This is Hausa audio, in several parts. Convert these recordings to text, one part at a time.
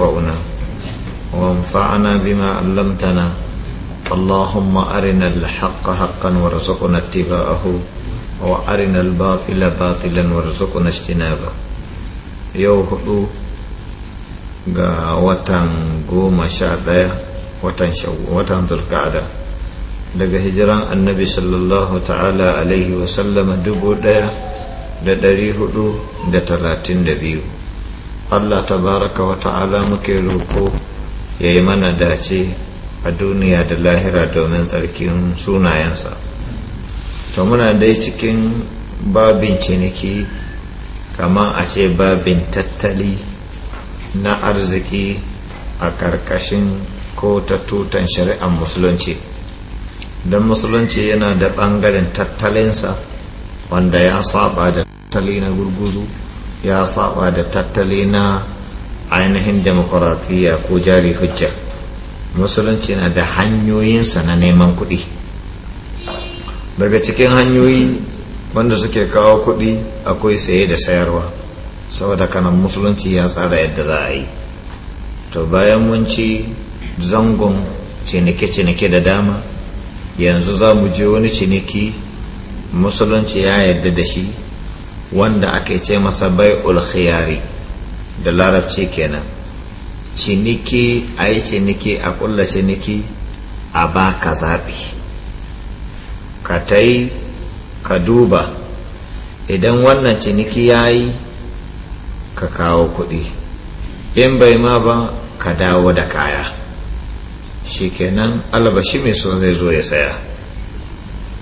ينفعنا وانفعنا بما علمتنا اللهم أرنا الحق حقا وارزقنا اتباعه وأرنا الباطل باطلا وارزقنا اجتنابه yau hudu ga watan goma sha daya watan watan daga hijiran annabi sallallahu ta'ala alaihi wasallama dubu daya da dari hudu da talatin da biyu Allah ta baraka wa ta'ala muke roƙo ya yi mana dace a duniya da lahira domin tsarkin sunayensa to muna dai cikin babin ciniki kamar a ce babin tattali na arziki a ƙarƙashin ko ta tutan shari'ar musulunci don musulunci yana da ɓangaren tattalinsa wanda ya saba da tattali na gurguzu ya saba da tattali na ainihin demokuratiyya ko jari hujja musulunci na da hanyoyinsa na neman kuɗi daga cikin hanyoyi wanda suke kawo kuɗi akwai saye da sayarwa saboda kanan musulunci ya tsara yadda za a yi to bayan mun ci zangon cinike-cinike da dama yanzu za mu je wani ciniki musulunci ya yadda da shi wanda ake ce masa bai ulkhiyari da larabci kenan ciniki a yi ciniki a kulla ciniki a ba ka zaɓi ka ta yi ka duba idan wannan ciniki ya yi ka kawo kuɗi in bai ma ba ka dawo da kaya shikenan albashi mai son zai zo ya saya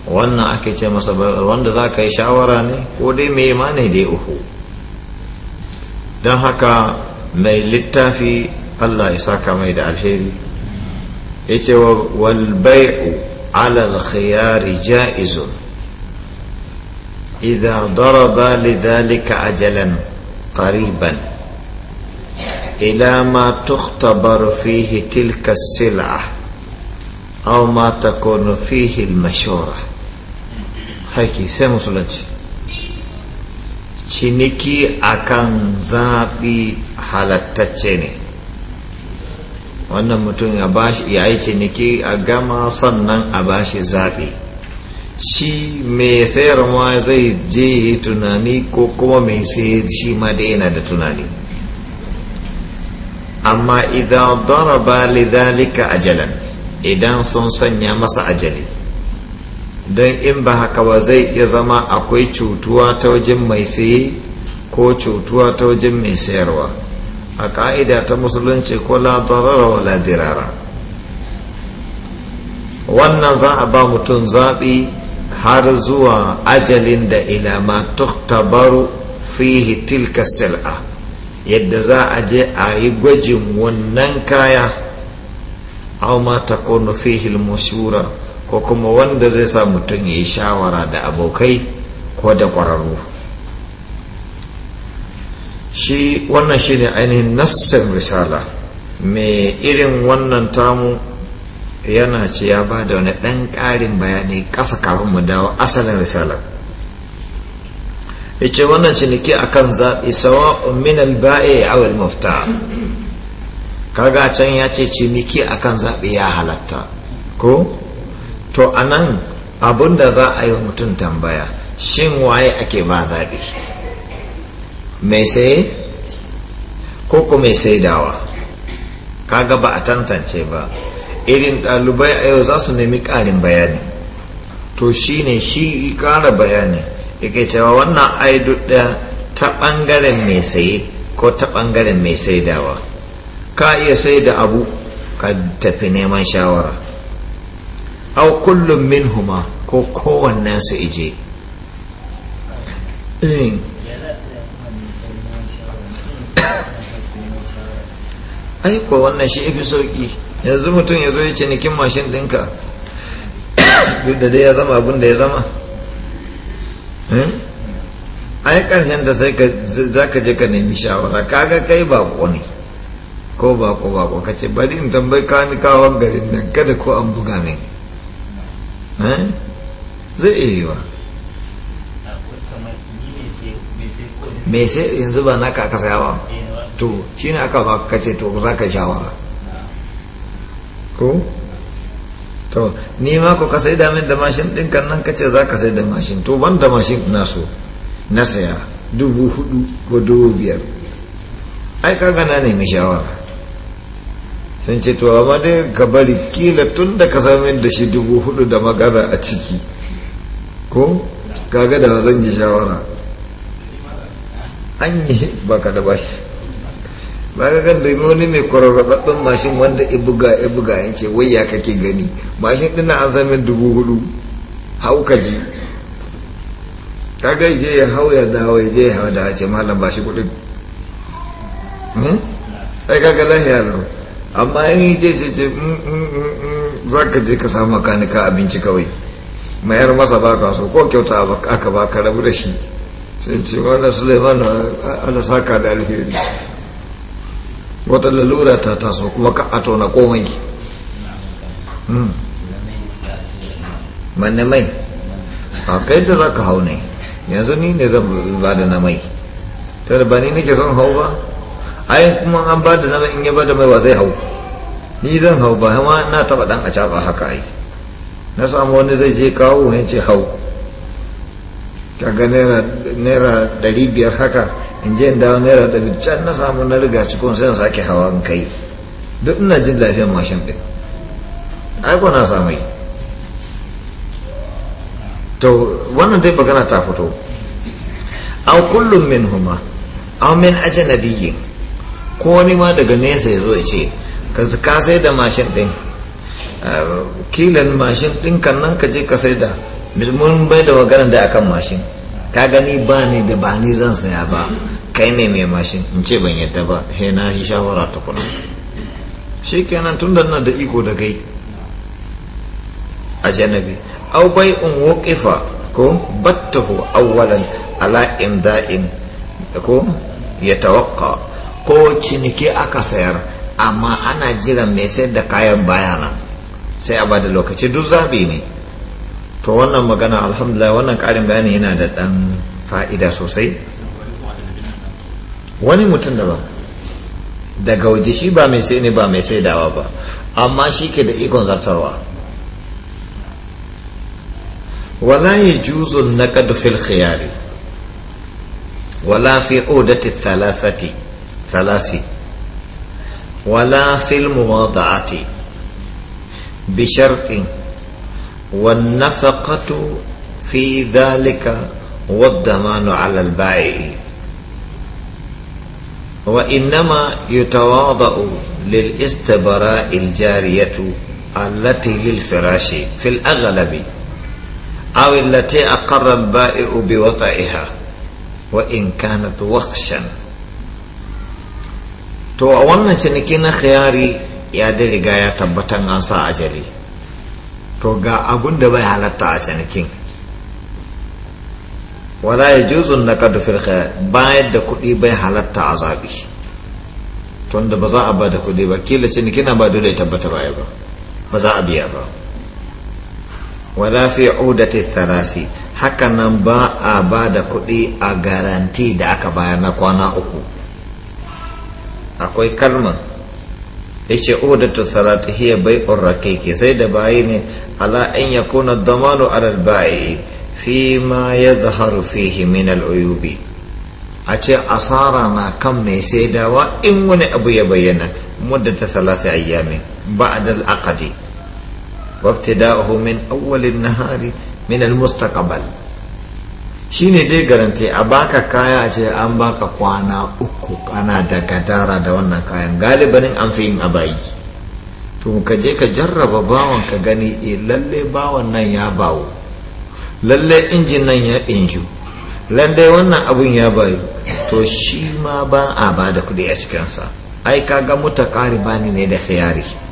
wannan ake ce masa wanda za ka yi shawara ne ko dai mai ma dai uku don haka mai littafi allah ya saka mai da alheri ya ce walbai'u alal khiyari ja'izun idan daraba lidhalika ajalan qariban ila ma tukhtabar fihi tilka sil'a أو ما تكون فيه المشورة haiki sai musulunci ciniki akan zaɓi halattacce ne wannan mutum ya yi ciniki a gama sannan a bashi zaɓi shi mai sayarwa zai je tunani ko kuma mai sayar shi ma da yana da tunani amma idan daraba a ajalan idan sun sanya masa ajali don in ba haka ba zai iya zama akwai cutuwa ta wajen mai saye ko cutuwa ta wajen mai sayarwa a ka'ida ta musulunci ko la darara wa la dirara wannan za a ba mutum zaɓi har zuwa ajalin da ilama tuktabaru fihi tilka sil'a yadda za a je a yi gwajin wannan kaya au ma takunu fihi al-mashura ko kuma wanda zai sa mutum ya yi shawara da abokai ko da ƙwararru shi wannan shi ne ainihin nassin risala mai irin wannan tamu yana ce ya ba da wani ɗan ƙarin bayani ƙasa kafin mu dawo asalin risala ya ce wannan ciniki akan zaɓi sawa min al-ba'i aw al kaga can ya ce ciniki akan zaɓi ya halatta ko to a nan abin da za a yi mutum tambaya shin waye ake ba zaɓi mai saye ko ku mai saidawa kaga ba a tantance ba irin ɗalibai a yau za su nemi ƙarin bayani to shi ne shi ƙara bayani yake cewa wannan aidu ɗaya ta ɓangaren mai saye ko ta ɓangaren mai saidawa ka iya sai da abu ka tafi neman shawara aw kullum min huma ko kowannen su ije eh. aiko wannan shi ifi sauki yanzu mutum ya zo ya cinikin mashin dinka duk da dai ya zama abin da ya zama eh. ai karshen da sai za ka je ka nemi shawara kaga kai bako ne ko bako bako ka ce bari in tambayi kawon garin nan kada ko an buga min Eh? zai iya yiwa mai sai yanzu ba naka aka sayawa to shi ne aka baka kace to za ka shawara ko to ni ma ku kasai da min da mashin din kan nan kace za ka sai da mashin to ban da mashin na so na saya dubu hudu ko dubu biyar ai ka gana ne mai shawara sun ce to amma dai ka bari kila tun da ka sami da shi dubu hudu da magana a ciki ko kaga da zan yi shawara an yi ba ka da bashi ba ka kan da wani mai kwararrababbin mashin wanda ya buga ya ce wai ya kake gani mashin dina an sami dubu hudu hau ka ji kaga je ya hau ya dawo ya je ya hau da ce malam ba shi kudin hmm? ai kaga lahiya lau amma in yi ce ce ce za ka je ka samu makanika abinci kawai mayar masa ba ka so ko kyauta aka ba ka rabu da shi sai ce wannan suleiman ana ka da alheri wata lalura ta taso kuma ka ato hmm. na komai manne mai a kai da za ka hau ne yanzu ni ne zan ba da na mai ta da ba ni nake son hau ba ai kuma an ba da nama in ya ba da wa zai hau ni zan hau ba ma na taba dan a caba haka ai na samu wani zai je kawo ya ce hau kaga naira dari biyar haka in je dawo naira dari can na samu na riga cikin sai sake hawa in kai duk ina jin lafiyar mashin ɗin ai ko na samu to wannan dai magana ta fito A kullum min huma aw min ajanabiyin ko wani ma daga nesa ya zo ya ce ka sai da mashin ɗin kilan mashin ɗin kan nan ka je ka sai da mun bai da magana da akan mashin ka gani ba ni da ba ni zan saya ba kai ne mai mashin in ce ban yadda ba he na shi shawara ta kuna shi kenan tun da na da iko da gai a janabi au bai in waqifa ko battahu awwalan ala imda'in ko yatawaqqa ko ciniki aka sayar amma ana jiran mai sayar da kayan baya nan sai a bada lokaci duk zabi ne to wannan magana alhamdulillah wannan karin bayani yana da dan fa'ida sosai wani mutum da ba daga waje shi ba mai sai ne ba mai saidawa ba amma shi ke da ikon zartarwa wala ya juzun na fil khiyari wala fi odati thalathati ثلاث ولا في المواضعة بشرط والنفقة في ذلك والضمان على البائع وإنما يتواضع للاستبراء الجارية التي للفراش في الأغلب أو التي أقر البائع بوضعها وإن كانت وخشا to a wannan ciniki na khiyari ya da riga ya tabbatan an sa ajali to ga abun da bai halatta a cinikin wala ya juzun na kadu fil bayan bayar da kuɗi bai halatta a zaɓi da ba za a ba da kuɗi ba kila ciniki na ba dole tabbata baya ba ba za a biya ba wala fi udati tharasi hakanan ba a ba da kuɗi a garanti da aka bayar na kwana uku akwai kalman ce udatu salati hiya bai'ur ke sai da bayi ne ala ya kuna damanu alal bayi fi ma yadhharu fihi min al-uyubi a ce asara na kan mai sai dawa in wani abu ya bayyana muddata salasa ayyami ba'da dal aqdi wabtida'uhu min awwalin nahari min al-mustaqbal shi ne dai garanti a baka kaya a ce an baka kwana uku ana da gadara da wannan kayan galibanin an fi yin abayi to ka je ka jarraba bawan ka gani e lalle bawan nan ya bawo lalle injin nan ya inju lalle wannan abun ya bayu to shi ma ba a ba da kuɗi a cikinsa ai ka ga mutakari bani ne da khiyari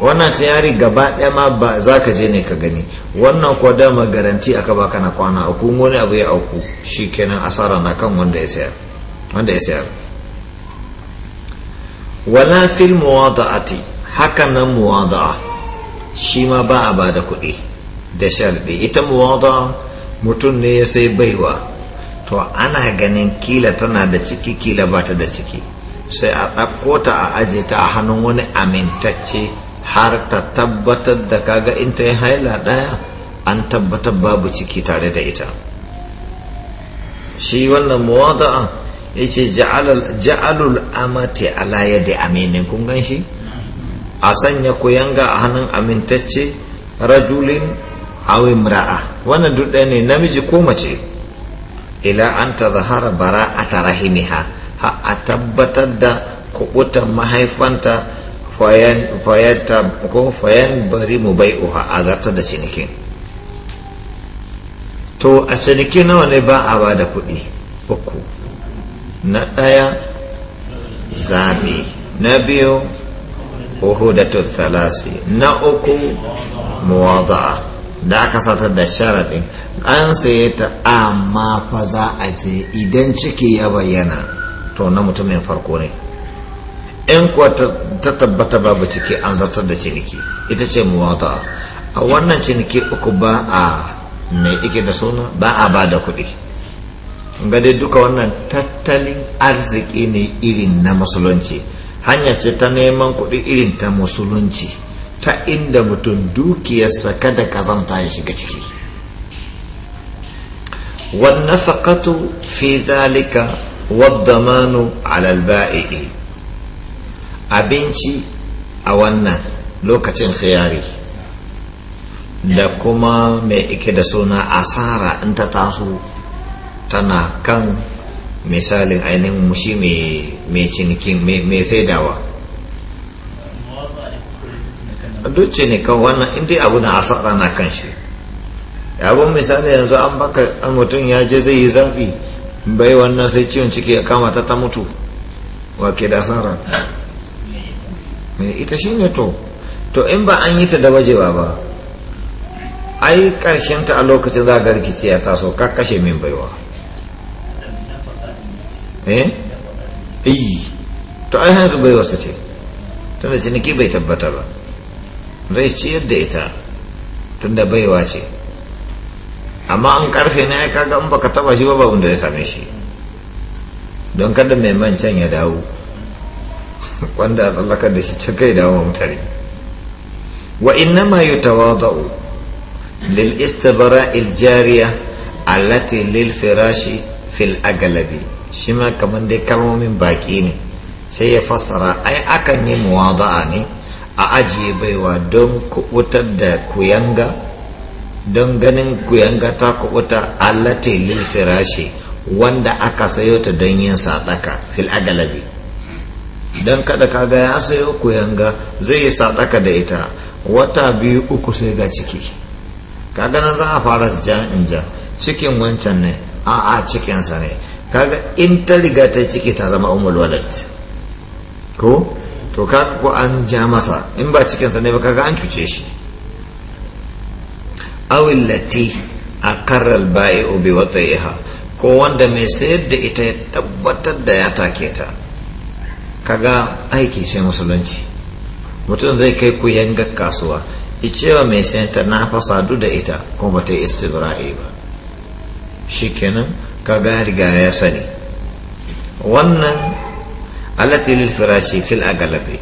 wannan sayari gaba ɗaya ma ba za ka je ne ka gani wannan kuwa dama garanti aka baka na kwana uku wani abu ya auku shi kenan asara na kan wanda ya sayar wanda ya sayar wala fil muwada'ati haka nan muwada'a shi ma ba a bada kuɗi da sharɗi ita muwada mutum ne ya sai baiwa to ana ganin kila tana da ciki kila ba ta da ciki sai a ɗauko ta a ajiye ta a hannun wani amintacce har ta tabbatar da kaga in ta yi haila ɗaya an tabbatar babu ciki tare da ita shi wannan muwada'a ya ce ja'alul amati ala da aminin kun gan shi a sanya kuyanga a hannun amintacce rajulin hawi mura’a wannan duk ne namiji ko mace ila an ta zahara bara a tarahimiha ha a tabbatar da kubutan mahaifanta fayan bari mu bai uha a zartar da cinikin to a ciniki nawa ne ba a ba da kuɗi uku na ɗaya zabi na biyu da tuttalasi na uku muwaza da aka satar da sharaɗin an saye ta amma fa za a je idan ciki ya bayyana to na mutumin farko ne in kuwa ta tabbata babu ciki an zartar da ciniki ita ce muwata a wannan ciniki uku ba a mai ike da suna ba a ba da kuɗi gade duka wannan tattalin arziki ne irin na musulunci hanya ce ta neman kuɗi irin ta musulunci ta inda mutum dukiyarsa kada kazanta ya shiga ciki faƙatu fi zalika wadda manu البائع abinci a wannan lokacin khiyari da kuma mai ike da suna asara in ta taso tana kan misalin ainihin mushi mai cinikin mai saidawa duk cinikan wannan inda abu na asara na kan shi abin misali yanzu an baka mutum ya je zai yi zafi bai wannan sai ciwon ciki ya kamata ta mutu wa ke da asara mai eh, ita shi ne to to in ba an yi ta da wajewa ba ai karshen ta a lokacin za ga rikici ya taso ka kashe min baiwa eh iyi to ai hanzu baiwa sa ce tunda ciniki bai tabbata ba zai ciyar da ita tunda baiwa ce amma an karfe na ya kaga in baka taba shi ba ba wanda ya same shi don kada mai mancan ya dawo wanda a tsallakar da shi can kai dawo mutane wa inna ma tawadau lil istabara il jariya allati lil firashi fil agalabi shi ma kamar dai kalmomin baki ne sai ya fassara ai akan yi muwada'a ne a ajiye baiwa don kubutar da kuyanga don ganin kuyanga ta kubuta allati lil firashi wanda aka sayo ta don yin sadaka fil agalabi don kada kaga ya sayo ku yanga zai yi sadaka da ita wata biyu uku sai ga ciki kaga na za a fara jan inja cikin wancan ne a a cikinsa ne kaga in ta riga ta ciki ta zama umul walad ko to kaga ko an ja masa in ba cikinsa ne ba kaga an cuce shi awil lati a karar bayi ubi wata ko wanda mai sayar da ita ya tabbatar da ya take ta kaga aiki sai musulunci mutum zai kai ku yanga kasuwa icewa mai sayanta na fa sadu da ita ko ba ta yi istibra'i ba shikenan kaga riga ya sani wannan alati lil firashi fil agalabi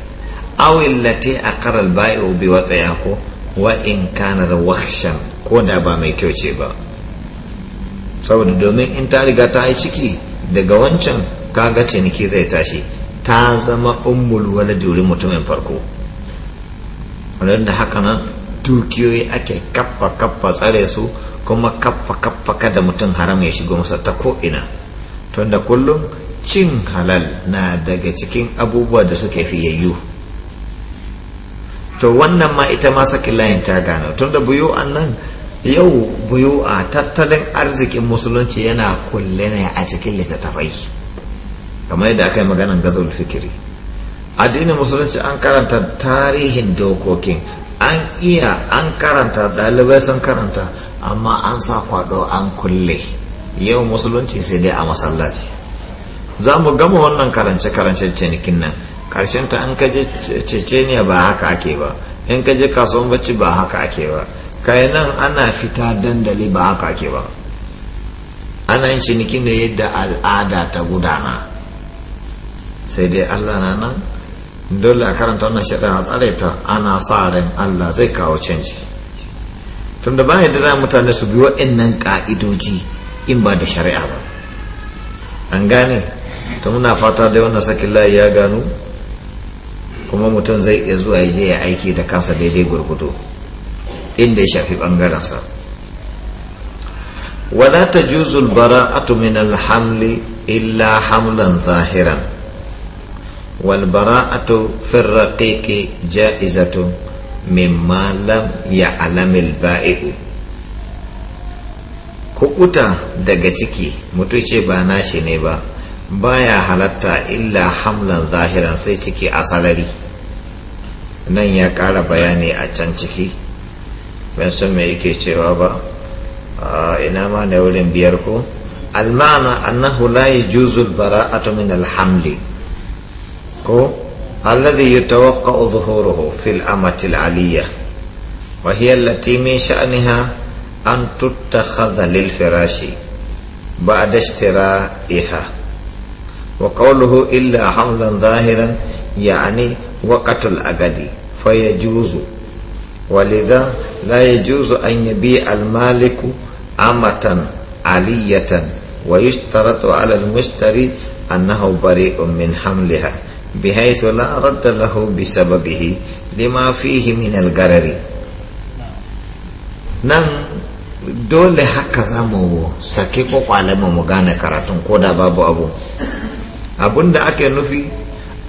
aw illati aqara al bai'u bi watayako wa in kana da wakhshan ko da ba mai kyau ce ba saboda domin in ta riga ta yi ciki daga wancan kaga ciniki zai tashi ta zama ummul wani juri mutumin farko wadanda da haka nan dukiyoyi ake kappa kappa tsare su kuma kappa kappa kada mutum haram ya shigo masa ta ko'ina tunda kullum cin halal na daga cikin abubuwa da suke fiyayyu to wannan ma ita ma layin ta gano tunda buyo nan yau buyo a tattalin arzikin musulunci yana kulle ne a cikin littattafai kamar yadda aka yi maganan gazul fikiri addinin musulunci an karanta tarihin dokokin an iya an karanta ɗalibai sun karanta amma an sa kwado an kulle yau musulunci sai dai a masallaci za mu gama wannan karance-karance cinikin nan karshen ta an kaje ceceniya ba haka ake ba in kaje kasuwan bacci ba haka ake ba kai nan ana fita dandali ba haka ake ba ana yin cinikin da yadda al'ada ta gudana sai dai allah na nan dole a karanta wannan shaɗa a tsare ta ana sa ran allah zai kawo canji tunda ba yadda za mutane su bi waɗannan ƙa'idoji in ba da shari'a ba an gane ta muna fata da wannan sakin layi ya gano kuma mutum zai iya zuwa ya je ya aiki da kansa daidai gurgudu inda ya shafi ɓangarensa wala juzul bara'atu min hamli illa hamlan zahiran والبراءة في الرقيق جائزة مما لم يعلم البائع kuɓuta daga ciki mutuce ce ba nashi ne ba baya halatta illa hamlan zahiran sai ciki a salari nan ya ƙara bayani a can ciki ban san me yake cewa ba ina ma na wurin biyar ko almana annahu la yajuzu albara'atu min alhamli الذي يتوقع ظهوره في الأمة العلية وهي التي من شأنها أن تتخذ للفراش بعد اشترائها وقوله إلا حملا ظاهرا يعني وقت الأجد فيجوز ولذا لا يجوز أن يبيع المالك أمة علية ويشترط على المشتري أنه بريء من حملها بحيث لا رد له بسببه لما فيه من الغرر نعم dole haka za mu sake kwakwalama mu gane karatun ko da babu abu abun ake nufi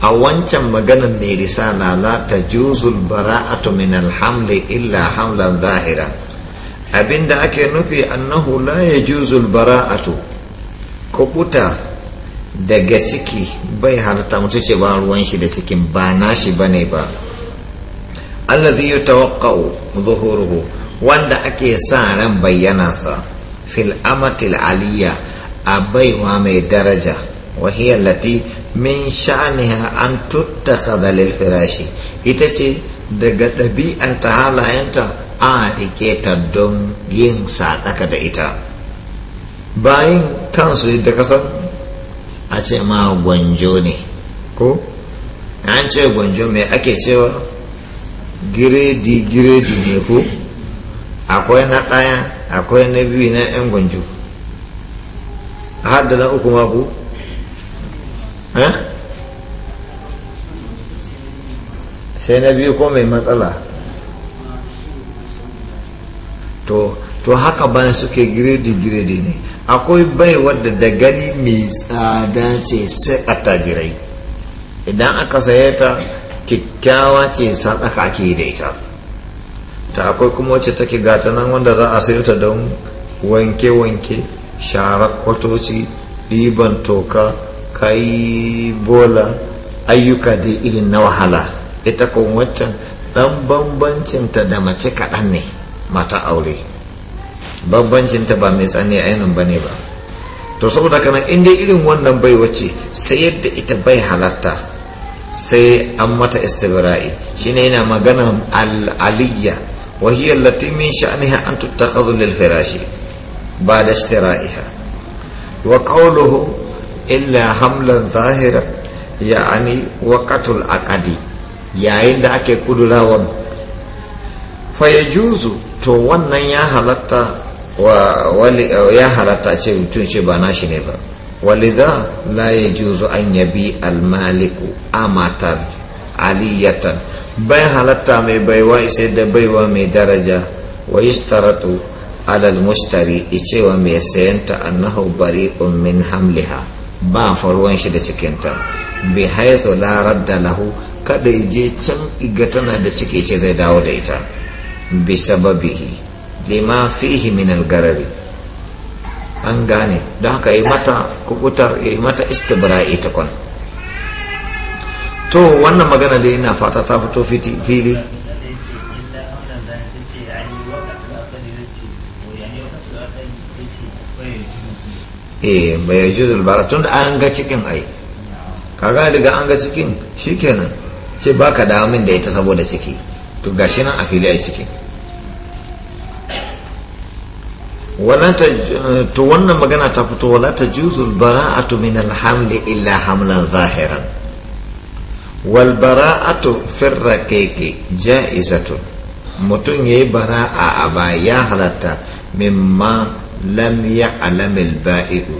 a wancan maganar mai risala la ta juzul bara'atu min alhamli illa hamlan zahira abinda ake nufi annahu la ya juzul bara'atu kubuta daga ciki bai halatta mutu ce ba ruwan shi da cikin ba nashi ba ne ba allazi yutawaqqa'u zuhuruhu wanda ake sa ran bayyana sa fil amatil aliyya a baiwa mai daraja min التي an شأنها dalil firashi. ita ce daga ɗabi'anta halayenta a rike ta don yin sadaka da ita bayan kansu da kasan a ce ma gwanjo ne ko an ce gwanjo mai ake cewa giredi giredi ne ko akwai na ɗaya akwai na biyu na 'yan gwanjo har da na uku ma ku sai na biyu ko mai matsala to haka bayan suke giredi giredi ne akwai bai wadda da gani mai tsada ce sai a attajirai idan aka saye ta kyakkyawa ce sadaka ake da ita ta akwai kuma wacce take gata nan wanda za a sayo ta don wanke-wanke sharar kwatoci ɗiban toka kai bola ayyuka da irin na wahala ita kuma waccan dan bambancinta da mace kaɗan ne mata aure babbancinta ba mai tsane ainihin ba ne ba to saboda kanan inda irin wannan bai wace sai yadda ita bai halatta sai an mata istibra'i shine yana magana al'aliyya wahiyar latimin sha'aniha an tuttakhadhu lil firashi ba da ishtira'iha wa qawluhu illa hamlan zahira ya'ani waqatul aqadi yayin da ake kudurawan fa juzu to wannan ya halatta ya halatta ce mutum ce ba nashi ne ba walidha la yajuzu an yabi almaliku amatal aliyatan bai halatta mai baiwa isai da baiwa mai daraja wa taratu alal mustari cewa mai sayanta annahu bari min hamliha ba faruwan shi da cikinta bi haizu larar da lahu kada je can iga tana da ciki ce zai dawo da ita bi sababihi lima fihi min al-garari an gane don haka yi mata kubutar yi mata istibra'i ta kwan to wannan magana da ina fata ta fito fili eh bai juzul bara tun da an ga cikin ai kaga daga an ga cikin shikenan ce baka dawo min da ita saboda ciki to gashi nan a fili ai cikin ta to wannan magana ta fito wala ta juzul bara'atu min alhamli illa hamlan zahiran wal bara'atu firra keke mutum yayi bara'a a ba ya halatta mimma lam ya'lam al-ba'idu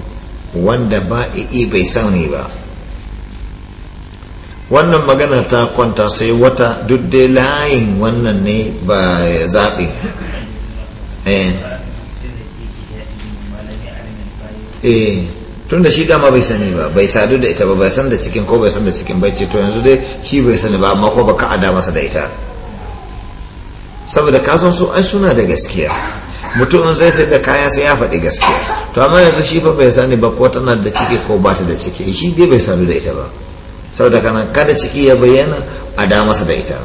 wanda ba'i'i bai sani ba wannan magana ta kwanta sai wata duk dai layin wannan ne ba zaɓi eh eh tun da shi dama bai sani ba bai sadu da ita ba bai san da cikin ko bai san da cikin bai ce to yanzu dai shi bai sani ba amma ko baka ada masa da ita saboda kasan su ai suna da gaskiya mutumin zai sai da kaya sai ya faɗi gaskiya to amma yanzu shi ba bai sani ba ko tana da ciki ko ba ta da ciki shi dai bai sadu da ita ba saboda kana kada ciki ya bayyana a da masa da ita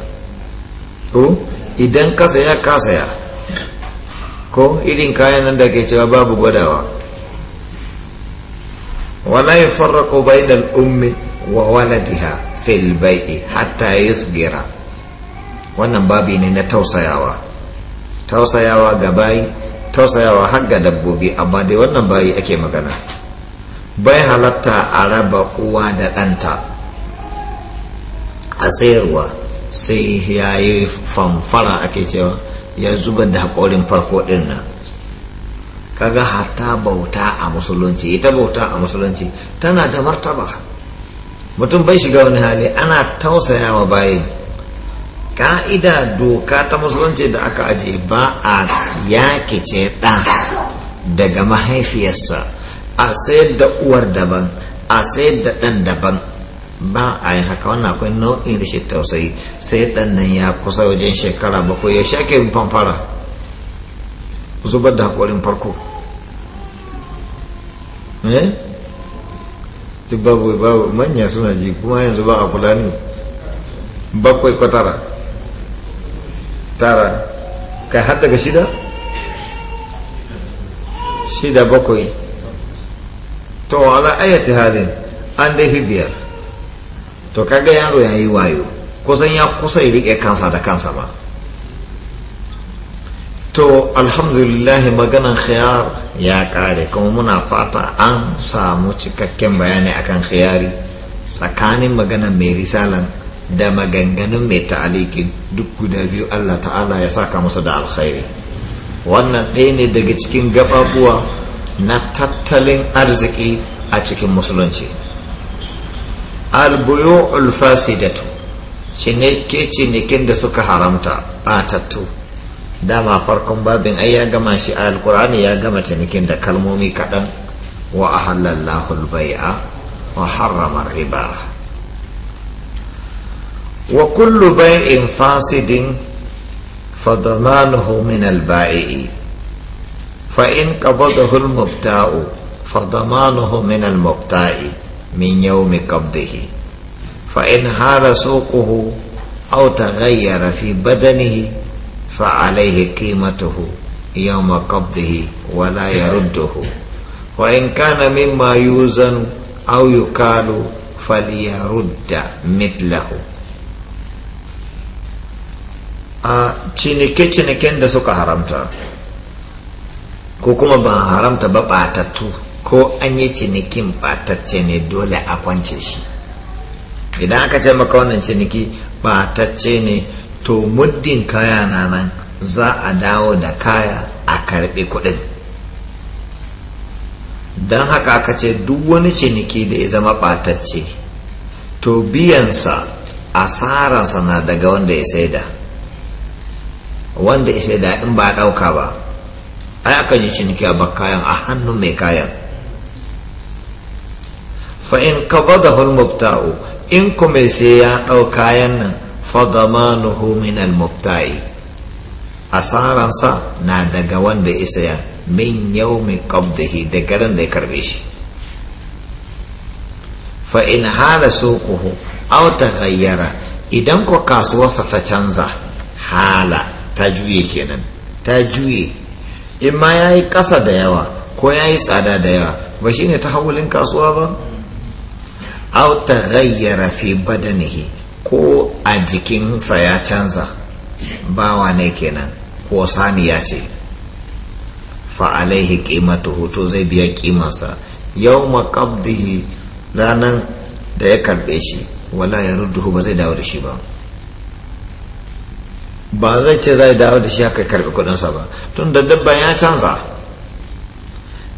ko idan kasa ya kasa ya ko irin kayan nan da ke cewa babu gwadawa ولا يفرق بين الأم وولدها في البيع حتى يصبر wannan babi ne na tausayawa tausayawa ga bayi tausayawa har ga dabbobi amma dai wannan bayi ake magana bai halatta a raba uwa da ɗanta a tsayarwa sai ya yi famfara ake cewa ya zuba da haƙorin farko ɗin nan kaga hata bauta a musulunci ita bauta a musulunci tana da martaba mutum bai shiga wani hali ana tausaya wa bayan ka'ida doka ta musulunci da aka aje ba a ce da daga mahaifiyarsa a sayar da uwar daban a sayar da ɗan daban ba a yi haka wannan akwai nau'in rashin tausayi sai ɗan nan ya kusa wajen shekara bakwai ya shake fanfara zubar da haƙorin farko eh? duk babu babu manya suna ji kuma yanzu ba a kula ne bakwai ko tara tara kai har daga shida shida bakwai to ala ayyati halin an dai fi biyar to kaga yaro ya yi wayo kusan ya kusa ya riƙe kansa da kansa ba to alhamdulillahi maganan khiyar ya kare kuma muna fata an samu cikakken bayani akan khiyari tsakanin maganan mai risalan da maganganun mai ta'aliki duk guda biyu Allah ta'ala ya saka musu da alkhairi wannan ɗaya ne daga cikin gababuwa na tattalin arziki a cikin musulunci albuyo ulfasidatu shi ne ke cinikin da suka haramta a tattu. dama farkon babin ai ya gama shi a alkur'ani ya gama cinikin da kalmomi kaɗan wa a halallahu bai'a wa harrama riba wa kullu bai'in fasidin fa damanuhu min al-ba'i'i fa in qabadahu al-mubta'u fa damanuhu min al-mubta'i min yawmi qabdihi fa in hara suquhu aw taghayyara fi badanihi فعليه قيمته يوم قبضه ولا يرده وإن كان مما يوزن أو يكال فليرد مثله cinike-ciniken da suka haramta ko kuma ba haramta ba batattu ko an yi cinikin batacce ne dole a kwance shi idan aka ce maka wannan ciniki batacce ne to muddin kaya na nan za a dawo da kaya a karbe kuɗin don haka ka ce duk wani ciniki da ya zama ɓatacce to biyansa asararsa na daga wanda ya saida wanda ya saida in ba ɗauka ba ai akan yi ciniki a kayan a hannu mai kayan Fa in ka ba da in mai sai ya ɗau kayan nan fadamanuhu min al-mubta'i asaransa na daga wanda isa ya min yawmi qabdihi da garin da ya karbe shi fa in hala suquhu aw taghayyara idan ko kasuwarsa ta canza hala ta juye kenan ta juye in ma yayi kasa da yawa ko yayi tsada da yawa ba shine haulin kasuwa ba aw taghayyara fi badanihi ko a jikinsa ya canza bawa ne kenan ko Sani ya ce fa'alaihi ƙimatu hoto zai biya ƙimansa yau maƙabdihi ranar da ya karɓe shi wala ya rudduhu ba zai dawo da shi ba ba zai ce zai dawo da shi aka karɓi kuɗinsa ba tun da dabban ya canza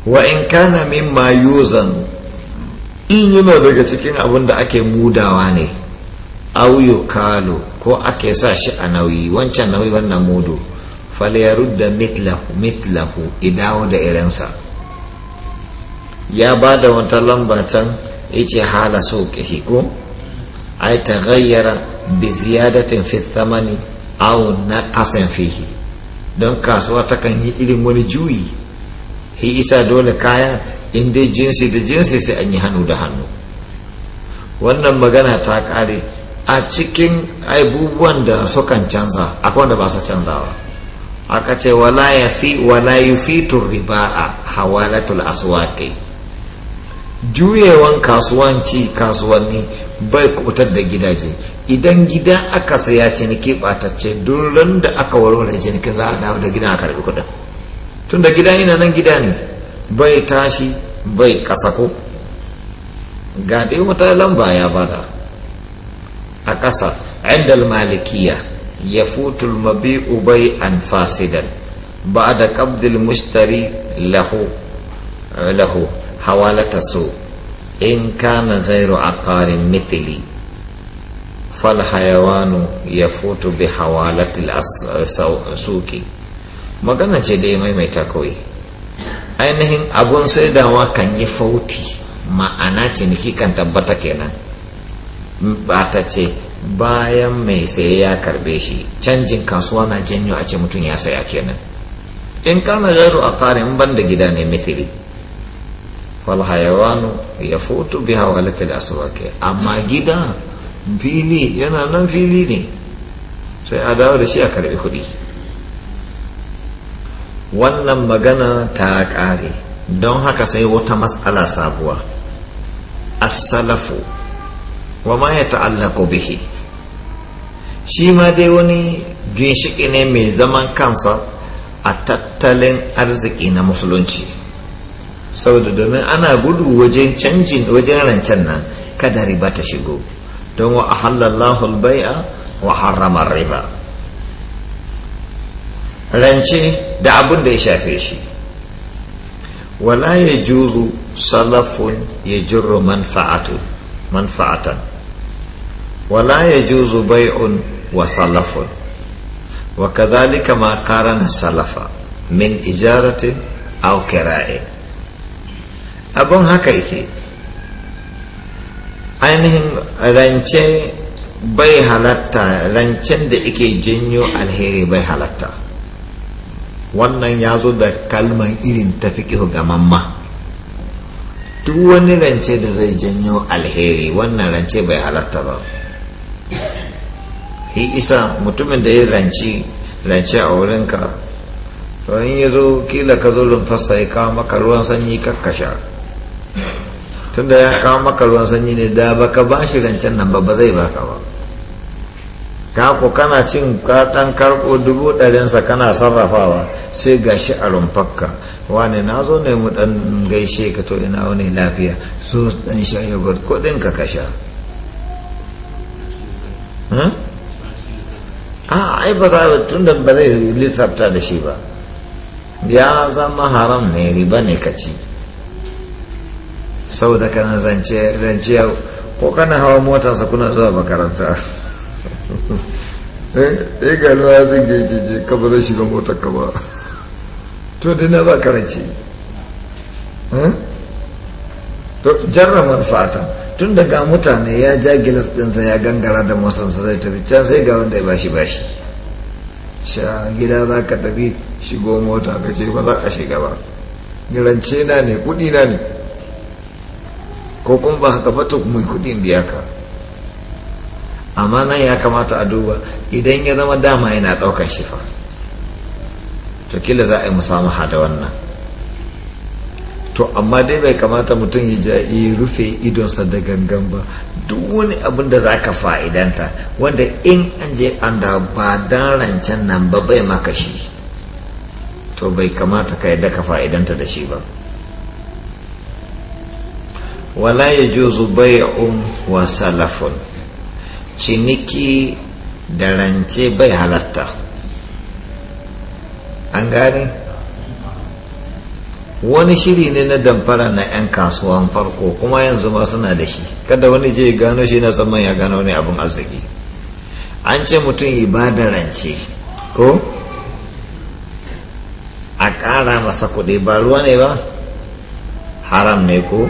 wa in kana min yuzan in yi daga cikin abin da ake mudawa ne auyo kalu ko ake sa shi a nauyi wancan nauyi wannan mudu falayaru da mitlahu idawo da irinsa ya ba da wata lamba can ice hala sau ko ai ta gayyara bi ziyadatin fi thamani na kasan fihi don kasuwa ta kan yi irin wani juyi hi isa dole kaya in dai jinsi da jinsi sai an yi hannu da hannu wannan magana ta kare a cikin abubuwan da sukan canza akwai wanda ba su canzawa aka ce wala ya fi wala yi riba a hawalatul aswaƙi juyewan kasuwanci kasuwanni bai kubutar da gidaje idan gida aka saya ciniki batacce duran da aka warware cinikin za a dawo da gidan a karbi kuɗi tun da gida yana nan gida ne bai tashi bai kasako ga dai wata lamba ya bata a ƙasa indal malikiya ya futul mabi ubai an fasidan ba da ƙabdil mustari lahu hawalata su in kana a ƙarin mithili fal hayawanu ya futu bi hawalatil suki magana ce dai maimaita kawai ainihin abun sai saidawa kan yi fauti ma'ana ciniki kan tabbata kenan bata ce bayan mai saye ya karbe shi canjin kasuwa na janyo a ce mutum ya saya kenan in kana gairu a in ban da gida ne mithili wal hayawanu ya foto biya walatil ke amma gida fili yana nan fili ne sai a dawo da shi a karbi kuɗi wannan magana ta ƙare don haka sai wata matsala sabuwa as wa ma ya ta'allaku bihi shi ma dai wani ginshiki ne mai zaman kansa a tattalin arziki na musulunci saboda domin ana gudu wajen canjin wajen rancen nan kada riba ta shigo don wa ahallallahu bai'a wa harramar riba rance da abun da ya shafe shi wala ya juzu salafun ya jiro manfa'atan ولا يجوز بيع وسلف وكذلك ما قارن السلف من إجارة أو كراء أبون هكايكي ainihin rance bai halatta rancen da ike janyo alheri bai halatta wannan ya zo da kalman irin ta fiƙihu ga mamma duk wani rance da zai janyo alheri wannan rance bai halatta ba yi isa mutumin da ya ranci rance a wurinka to in ya zo kila ka zo lumfasa ya kawo maka ruwan sanyi kakkasha tunda ya kawo maka ruwan sanyi ne da baka ba shi rancen nan ba ba zai baka ba ka ku kana cin kaɗan karɓo dubu ɗarinsa kana sarrafawa sai ga shi a rumfakka ne na zo ne mu ɗan gaishe ka to ina wani lafiya su ɗan sha yogurt kuɗin ka kasha. sha hmm? a ai ba za tun da ba zai lissafta da shi ba ya zama haram ne riba ne ka ci saboda kana zance zance ko kana hawa motarsa kuna zuwa makaranta eh ga ruwa zan ga jeje ka ba zai shiga motar ka ba to dai na ba karanci to jarra manfa'atan tun da ga mutane ya ja gilas ɗinsa ya gangara da masansa zai tafi can sai ga wanda ya bashi bashi sha gida za ka tafi shigo mota ka ce ba za a shiga ba girance na ne kudi na ne ko kuma ba haka fata mai kudin biya ka amma nan ya kamata a duba idan ya zama dama yana ɗaukar shifa to kila za a yi musamaha da wannan to amma dai bai kamata mutum ya rufe idonsa da gangan ba duk wani abin da za ka fa'idanta wanda in an je an da ba dan rancen nan ba bai maka shi to bai kamata ka yadda ka fa'idanta da shi ba wala ya juzu bai'un wa salafun ciniki da rance bai halatta an gane wani shiri ne na damfara na 'yan kasuwan farko kuma yanzu ma suna da shi kada wani je gano shi na tsamman ya gano ne abin arziki an ce mutum ibadarance ko a ƙara masa kuɗi ba ruwa ne ba haram ne ko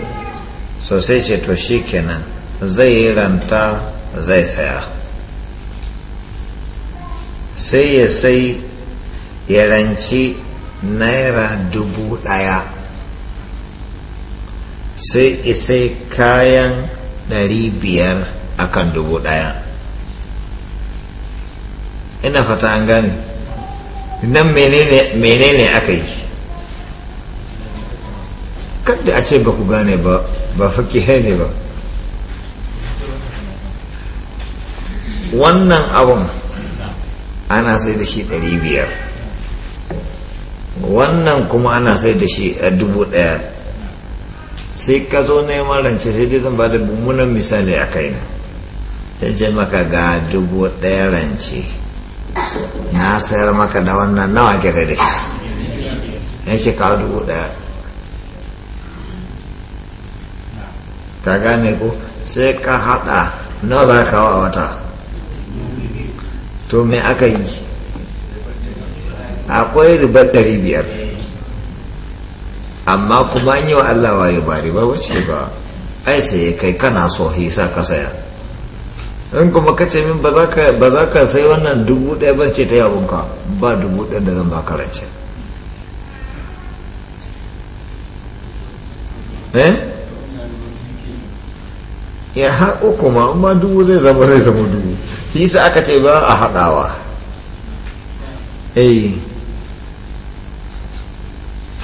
sosai ce to shi kenan zai yi ranta zai saya sai ya sai ya ranci naira dubu ɗaya sai isa kayan ɗari biyar akan dubu ɗaya ina fata an gane nan menene aka yi kada a ce ba ku gane ba ba fakihe ne ba wannan abun ana sai da shi ɗari biyar wannan kuma ana sai da shi a dubu daya. sai ka zo neman rance sai dai zan ba da mummunan misali a kai na ta ce maka ga dubu daya rance na sayar maka da wannan nawa ke da shi ya ce kawo dubu daya. ka gane ko sai ka haɗa nawa za ka kawo a wata to me aka yi akwai ribar ɗari biyar amma kuma an yi wa Allah waye ba riba ba ai sai kai kana so hisa ka saya in kuma ka ce min ba za ka sai wannan dubu ɗaya ba ce ta yawon ka ba dubu ɗaya da zan ba rance eh ya haƙo kuma amma dubu zai zama zai zama dubu hisa aka ce ba a haɗawa eh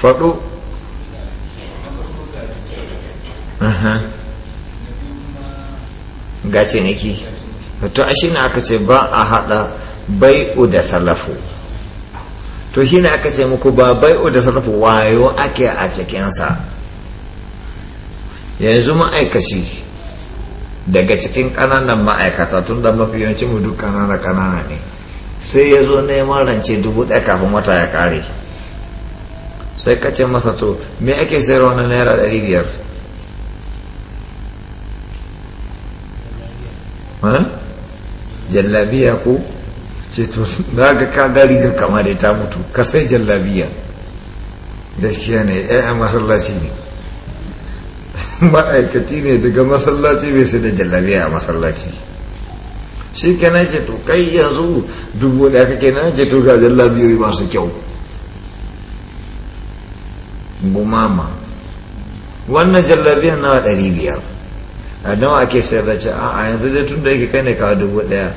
faɗo ga niki. to shi ne aka ce ba a haɗa bai'u da salafu to shi ne aka ce muku ba bai'u da salafu wayo ake a cikinsa yanzu ma'aikaci daga cikin ƙananan ma'aikata tun da mafi yawancin mu duk ƙanana ƙanana ne sai ya zo neman rance dubu ɗaya kafin wata ya ƙare sai ka ce masa to me ake sayarwa na naira ɗari biyar eh? jallabiya ko ce to za ka kaga rigar kama da ta mutu ka sai jallabiya gaskiya ne ya eh, masallaci ne ma'aikaci ne daga masallaci bai sai da jallabiya a masallaci shi kenan ce to kai yanzu dubu da kake na ce to ga jallabiyoyi masu kyau gumama wannan jallabiyan nawa ɗari biyar a nawa ake sayar da ce a yanzu dai tun da yake kai ne kawo dubu ɗaya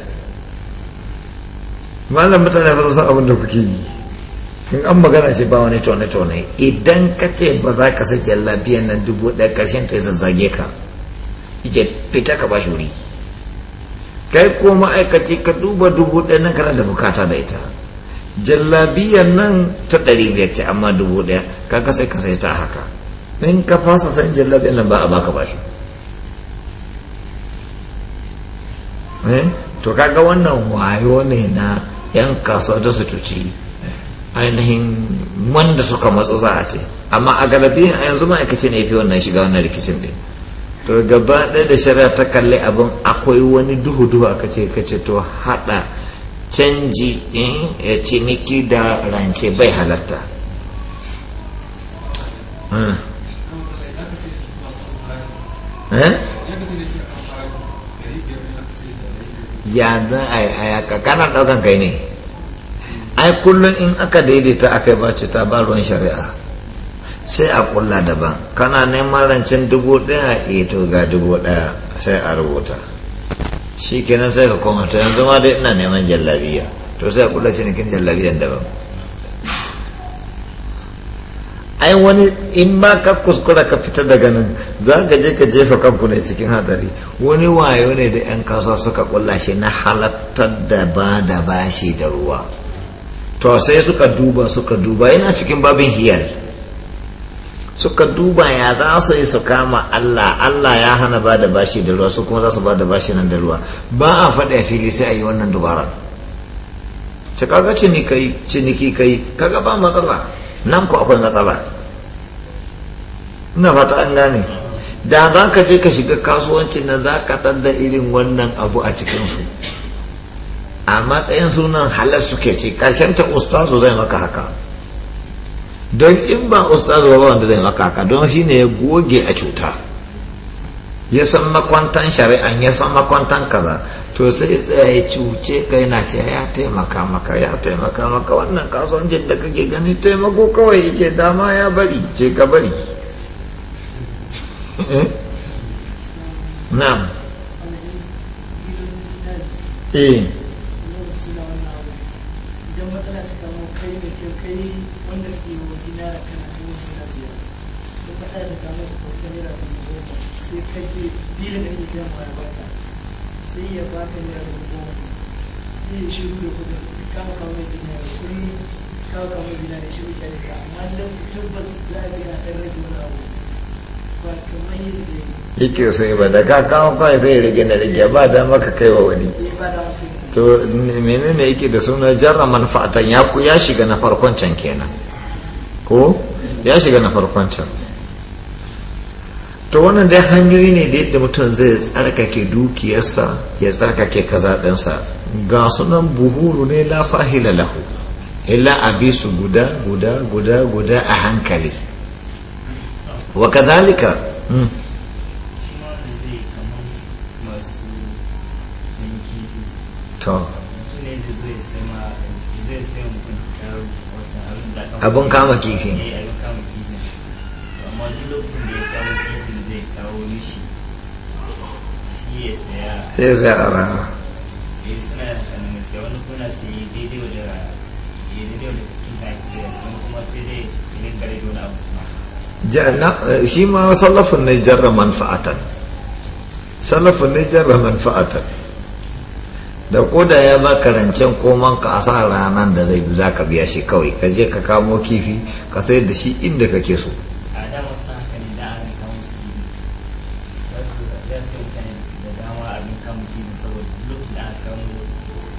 malam mutane ba san abin da kuke yi in an magana ce ba wani tone tone idan ka ce ba za ka sai jallabiyan nan dubu ɗaya ƙarshen ta zazzage ka ike fita ka ba shuri kai ko ma'aikaci ka duba dubu ɗaya nan kana da bukata da ita jallabiyan nan ta ɗari biyar ce amma dubu ɗaya Ka sai ka ta haka in ka fasa san jallabiyan nan ba a baka bashi eh? to kaga wannan wayo ne na yan kasuwa da su tuci ainihin wanda suka matsu za a ce amma a galabi a yanzu ma'aikaci ne fi wannan shiga wannan rikicin ɗin to gaba ɗaya da shari'a ta kalli abin akwai wani duhu duhu aka ce kace ce to haɗa canji in ya ciniki da rance bai halatta hmm. eh? ya a yaka kana daukan kai ne ai kullum in aka daidaita aka ba cuta ba ruwan shari'a sai a kulla daban kana neman rancen dubu daya eh to ga dubu daya sai a rubuta shi kenan sai ka koma to yanzu ma dai ina neman jallabiya to sai a kula cinikin jallabiya daban ai wani in ba ka kuskura ka fita daga nan za ka je ka jefa kanku ne cikin hadari wani wayo ne da 'yan kasuwa suka kula shi na halattar da ba da bashi da ruwa to sai suka duba suka duba Ina cikin babin hiyar suka duba ya za su yi su kama Allah Allah ya hana ba da bashi da ruwa su kuma za su ba da bashi nan da ruwa ba a faɗa fili sai a yi wannan dubara ta kaga ciniki kai kaga ba matsala nan ku akwai matsala ina fata an gane da za ka je ka shiga kasuwancin na za ka tanda irin wannan abu a cikinsu a matsayin sunan halar suke ce karshen ta ustazu zai maka haka don in ba ustaz ba wanda zai makaka don shi ne ya goge a cuta ya san makwantan shari'an ya san makwantan kaza to sai tsaya ya cuce kai na ce ya taimaka maka ya taimaka maka wannan kasuwancin da kake gani taimako kawai yake dama ya bari ce ka bari eh? na'am eh ɗari biyar ma ya baka sai ya baka naira goma sai ya shiru da kudin kama kama mai dinar kullum kama kama mai dinar ya shiru kyale ka amma dan tabbas za a biya ɗan rage wani abu ba kamar yadda ya yi yake sai ba da ka kawo kawai sai rage na rage ba da maka kai wa wani eh, to menene yake da suna jarra manfa'atan ya ya shiga na farkon can kenan ko ya shiga na farkon can to wannan dai hanyoyi ne da yadda mutum zai tsarkake dukiyarsa ya tsarkake kaza ɗansa ga sunan buhuru ne la sahila lahu illa a bi su guda guda guda guda a hankali wa kadhalika hmm. to abun kama kifin sai sai a eh, shi ma sallafin ne jarra manfa'atan sallafin ne jarra manfa'atan da koda ya ba karancen koman ka a sa ranar da zai za ka biya shi kawai ka je ka kamo kifi ka sayar da shi inda kake so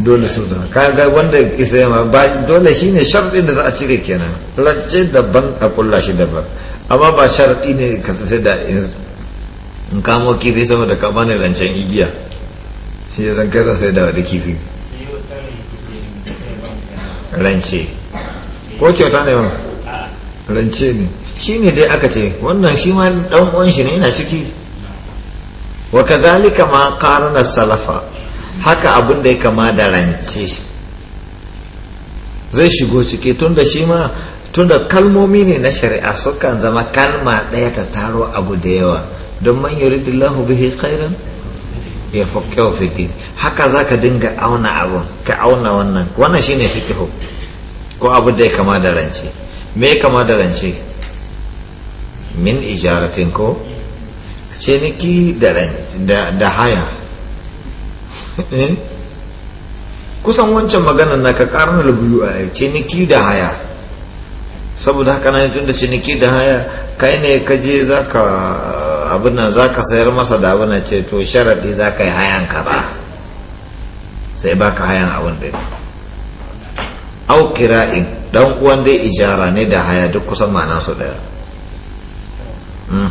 dole su zama kaga wanda isa yamma ba dole shine sharɗin da za a cire kenan rance daban a kulla shi daban amma ba sharɗi ne ka sai da in kamo kifi da kama ne rancen igiya shi ya zan kai sai da wani kifi rance ko kyauta ne ma rance ne shi ne dai aka ce wannan shi ma ɗan uwan shi ne yana ciki wa kazalika ma qarana salafa haka abin da ya kama da rance zai shigo ciki tun da shi ma tun da kalmomi ne na shari'a sukan zama kalma ɗaya ta taro abu da yawa don man yuridillahu bihi khairan ya faƙewa fitin haka za ka dinga auna abu ka auna wannan wannan shine fiƙihu ko abu da ya kama da rance me kama da rance min ijaratin ko ciniki da haya Eh? kusan wancan maganar na ka karnar biyu a ciniki da haya saboda haka na tun da ciniki da haya kai ne ka je za ka abin za ka sayar masa da abin ce to sharaɗi za ka yi hayan kaza sai ba ka hayan abin ɗin au kira'in dan uwan dai ijara ne da haya duk kusan ma'ana su ɗaya hmm.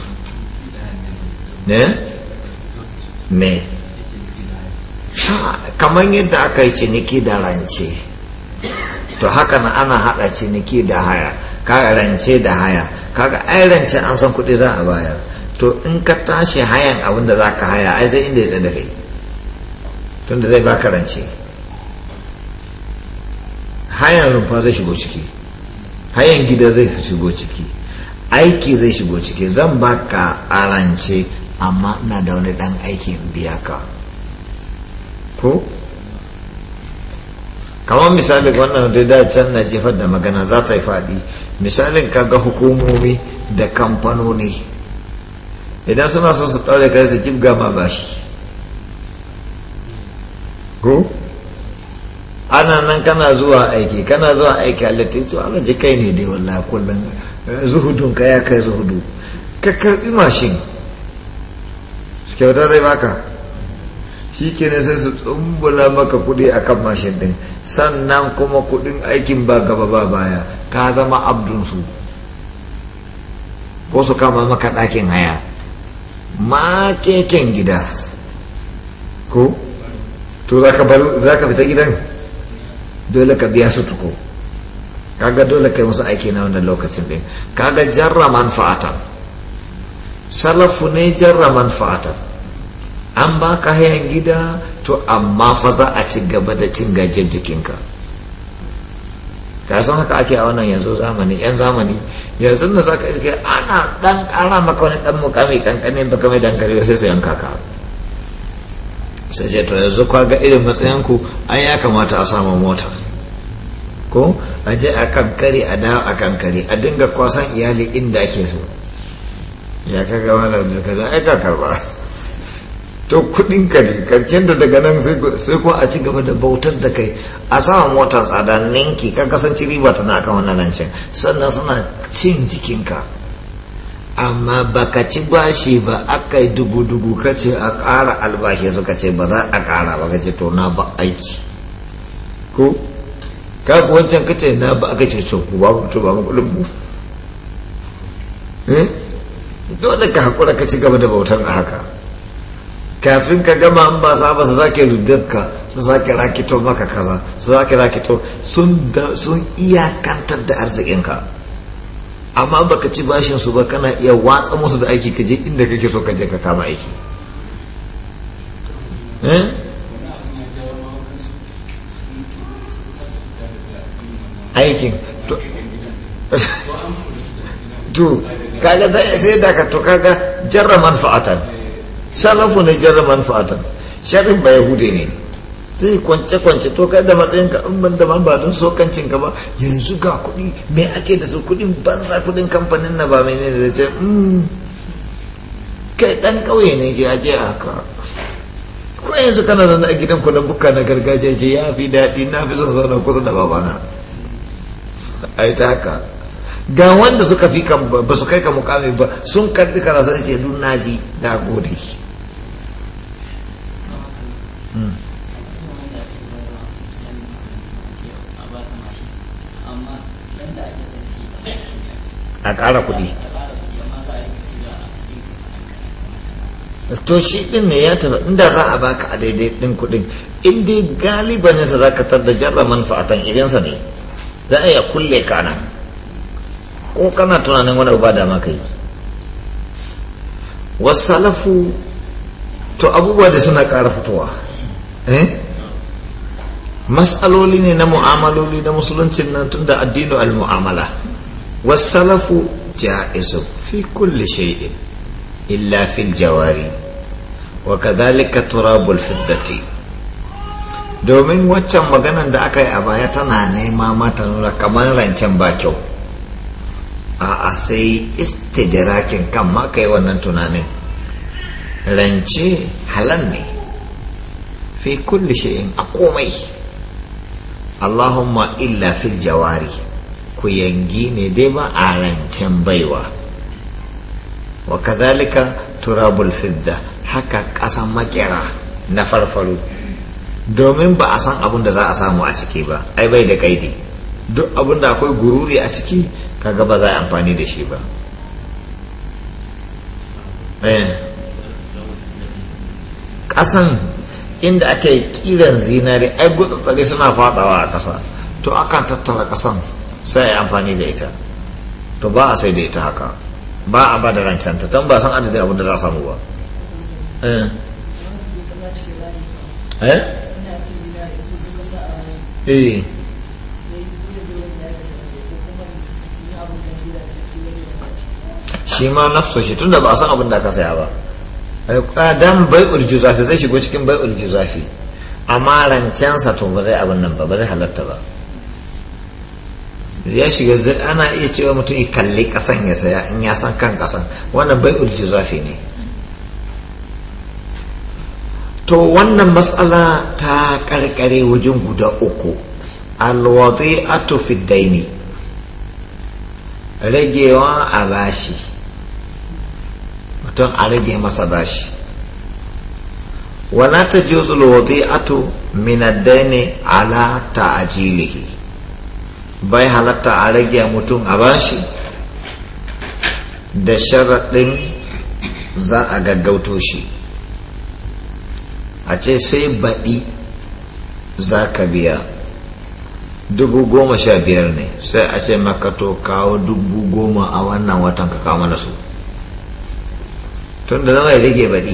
ne me kamar yadda aka yi ciniki da rance to haka na ana haɗa ciniki da haya kaga rance da haya kaga ai rance an san kuɗi za a bayar to in ka tashi hayan abin da za ka haya ai zai inda ya tsada kai tun da zai baka rance hayan rumfa zai shigo ciki hayan gida zai shigo ciki aiki zai shigo ciki zan baka a rance amma ina da wani ɗan aikin biya ka ko kamar misalin wannan da ya can na jefar da magana za ta yi faɗi misalin ga hukumomi da kamfanoni idan suna so su ɗaure kai su jibga ma bashi ko ana nan kana zuwa aiki kana zuwa aiki halittu to ana ji kai ne dai wallah kullum zuhudun ka ya kai zuhudu ka karbi mashin kyauta zai baka shi kenan sai su tsumbula maka kudi a kan mashin din sannan kuma kudin aikin ba gaba ba baya ka zama abdunsu ko su kama maka ɗakin haya ma keken gida ko to za ka fita gidan dole ka biya su tuko kaga dole kai musu aiki na wannan lokacin din kaga jarra manfa'atan salafu ne jarra manfa'atan an ba ka hayan gida to amma fa za a ci gaba da cin gajiyar jikinka ka san haka ake a wannan yanzu zamani yan zamani yanzu da za ka iske ana dan kara maka wani dan mukami kankanin baka mai dankali sai su yanka ka sai to yanzu ka ga irin matsayinku an ya kamata a samu mota ko a je a kankari a dawo a kankari a dinga kwasan iyali inda ake so ya kaga malam da A ai ka karba to kudin ka ne karshen da daga nan sai kuma a ci gaba da bautar da kai a sama motar tsada ninki ka kasance riba tana kan wannan rancen sannan suna cin jikinka amma baka ci bashi ba aka yi dubu-dubu, ka ce a ƙara albashi suka ce ba za a ƙara ba ka ce to na ba aiki ko ka wancan ka ce na ba aka ce to ba to ba kuɗin mu eh? dole ka haƙura ka ci gaba da bautar a haka kafin ka gama an ba sa ba su zake ka su zake rakito maka kaza su zake rakito sun iyakantar da arzikinka amma baka ci bashin su ba kana iya watsa musu da aiki kaje inda kake so kaje ka kama aiki eh? aikin to kaga sai da ka to kaga jarra manfa'atan salafu ne jarraban fatan Sharif ba yahudi ne sai kwance-kwance to kai da matsayin ka ban da ba don sokancin ka ba yanzu ga kuɗi me ake da su kuɗin banza kuɗin kamfanin na ba ne da ce hmm, kai ɗan ƙauye ne ke aje a haka ko yanzu kana zaune a gidan ku na na gargajiya ce ya fi daɗi na fi son zauna kusa da babana a ta haka ga wanda suka fi kamba ba su kai ka mukami ba sun karɗi kana sanin ce dun naji da gode a ƙara kuɗi to shi ɗin ne ya tafi inda za a baka a daidai ɗin kuɗin in dai galiban sa za ka tarda jarra manfa'atan sa ne za a iya kulle ka nan ko kana tunanin wani ba dama ka yi wasalafu to abubuwa da suna ƙara fitowa eh mas'aloli ne na mu'amaloli na musuluncin nan tunda addinu al-mu'amala wasalafu ja'izu fi kulli shay'in illa fil jawari wa kadhalika turabul fiddati domin waccan maganan da aka yi a baya tana nema mata nuna kamar rancen ba kyau a a sai istidirakin kan ma kai wannan tunanin rance halal ne fi kulli shay'in a komai Allahumma illa fil jawari ku yangi ne dai ba a rancen baiwa wa kadhalika turabul fidda haka kasan makera na farfaru domin ba a san abin da za a samu a ciki ba ai bai da kaidi duk abin da akwai gururi a ciki kaga ba za a amfani da shi ba eh. ƙasan inda aka yi kiran zinari ai gutsatsare suna fadawa a ƙasa to akan tattara ƙasan sai a yi amfani da ita to ba a sai da ita haka ba a ba da rancanta don ba san adadin abin da za a samu ba eh. Eh? Eh. shi ma nafsu shi tunda ba a san abin da aka saya ba dan bai'ul juzafi zai shigo cikin bai'ul juzafi amma rancensa to ba zai abin nan ba ba zai halatta ba ya shiga ana iya cewa mutum ya kalli kasan ya saya in ya san kan kasan wannan bai'ul juzafi ne to wannan matsala ta karkare wajen guda uku alwadi atufi daini ragewa a bashi don a rage masa bashi wana ta juzul wadi'atu a ad-daini ala bai halatta a rage mutum a bashi da sharaɗin za a gaggauto shi a ce sai baɗi za ka biya dubu goma sha biyar ne sai a ce maka to kawo dubu goma a wannan watan ka kawo mana su tun da nawa ya rage bari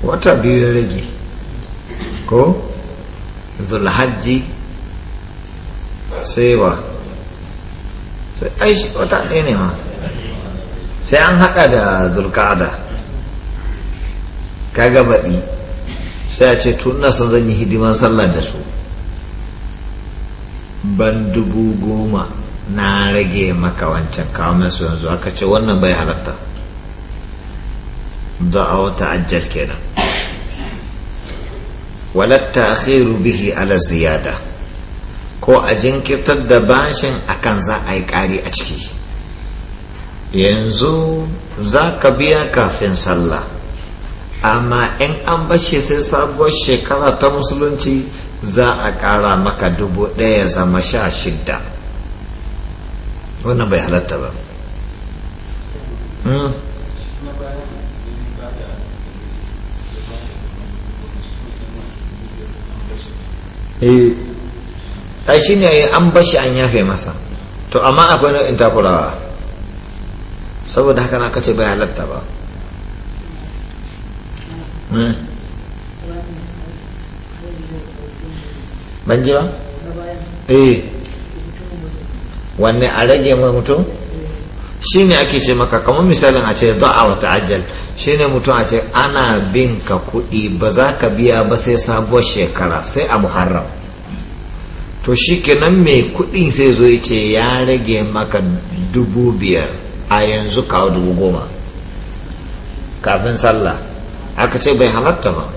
wata biyu ya rage ko zulhajji sai wa sai aishi wata ɗaya ne ma sai an haɗa da zulka'ada kaga baɗi sai a ce tun na zan yi hidiman sallah da su ban dubu goma na rage maka wancan kawo masu yanzu aka ce wannan bai halatta wata ajiyar kenan walatta akhiru bihi ala ziyada ko a jinkirtar da bashin akan za a yi ƙari a ciki yanzu za ka biya kafin sallah amma in an bashi sai sabuwar shekara ta musulunci za a ƙara maka dubu ɗaya zama sha shidda wannan bai halatta ba hmm? eh, a shi ne an bashi an yafe masa to amma akwai na intakurawa saboda haka na kace bai halatta ba hmm? ban ji ba? eh wanne a rage mai mutum shi ne ake ce maka kamar misalin a ce za'a wata ajal. shi ne mutum a ce ana bin ka kuɗi ba za ka biya ba sai sabuwar shekara sai a muharram to shi kenan mai kuɗi sai zo ya ce ya rage maka dubu biyar a yanzu kawo dubu goma kafin sallah aka ce bai halatta ba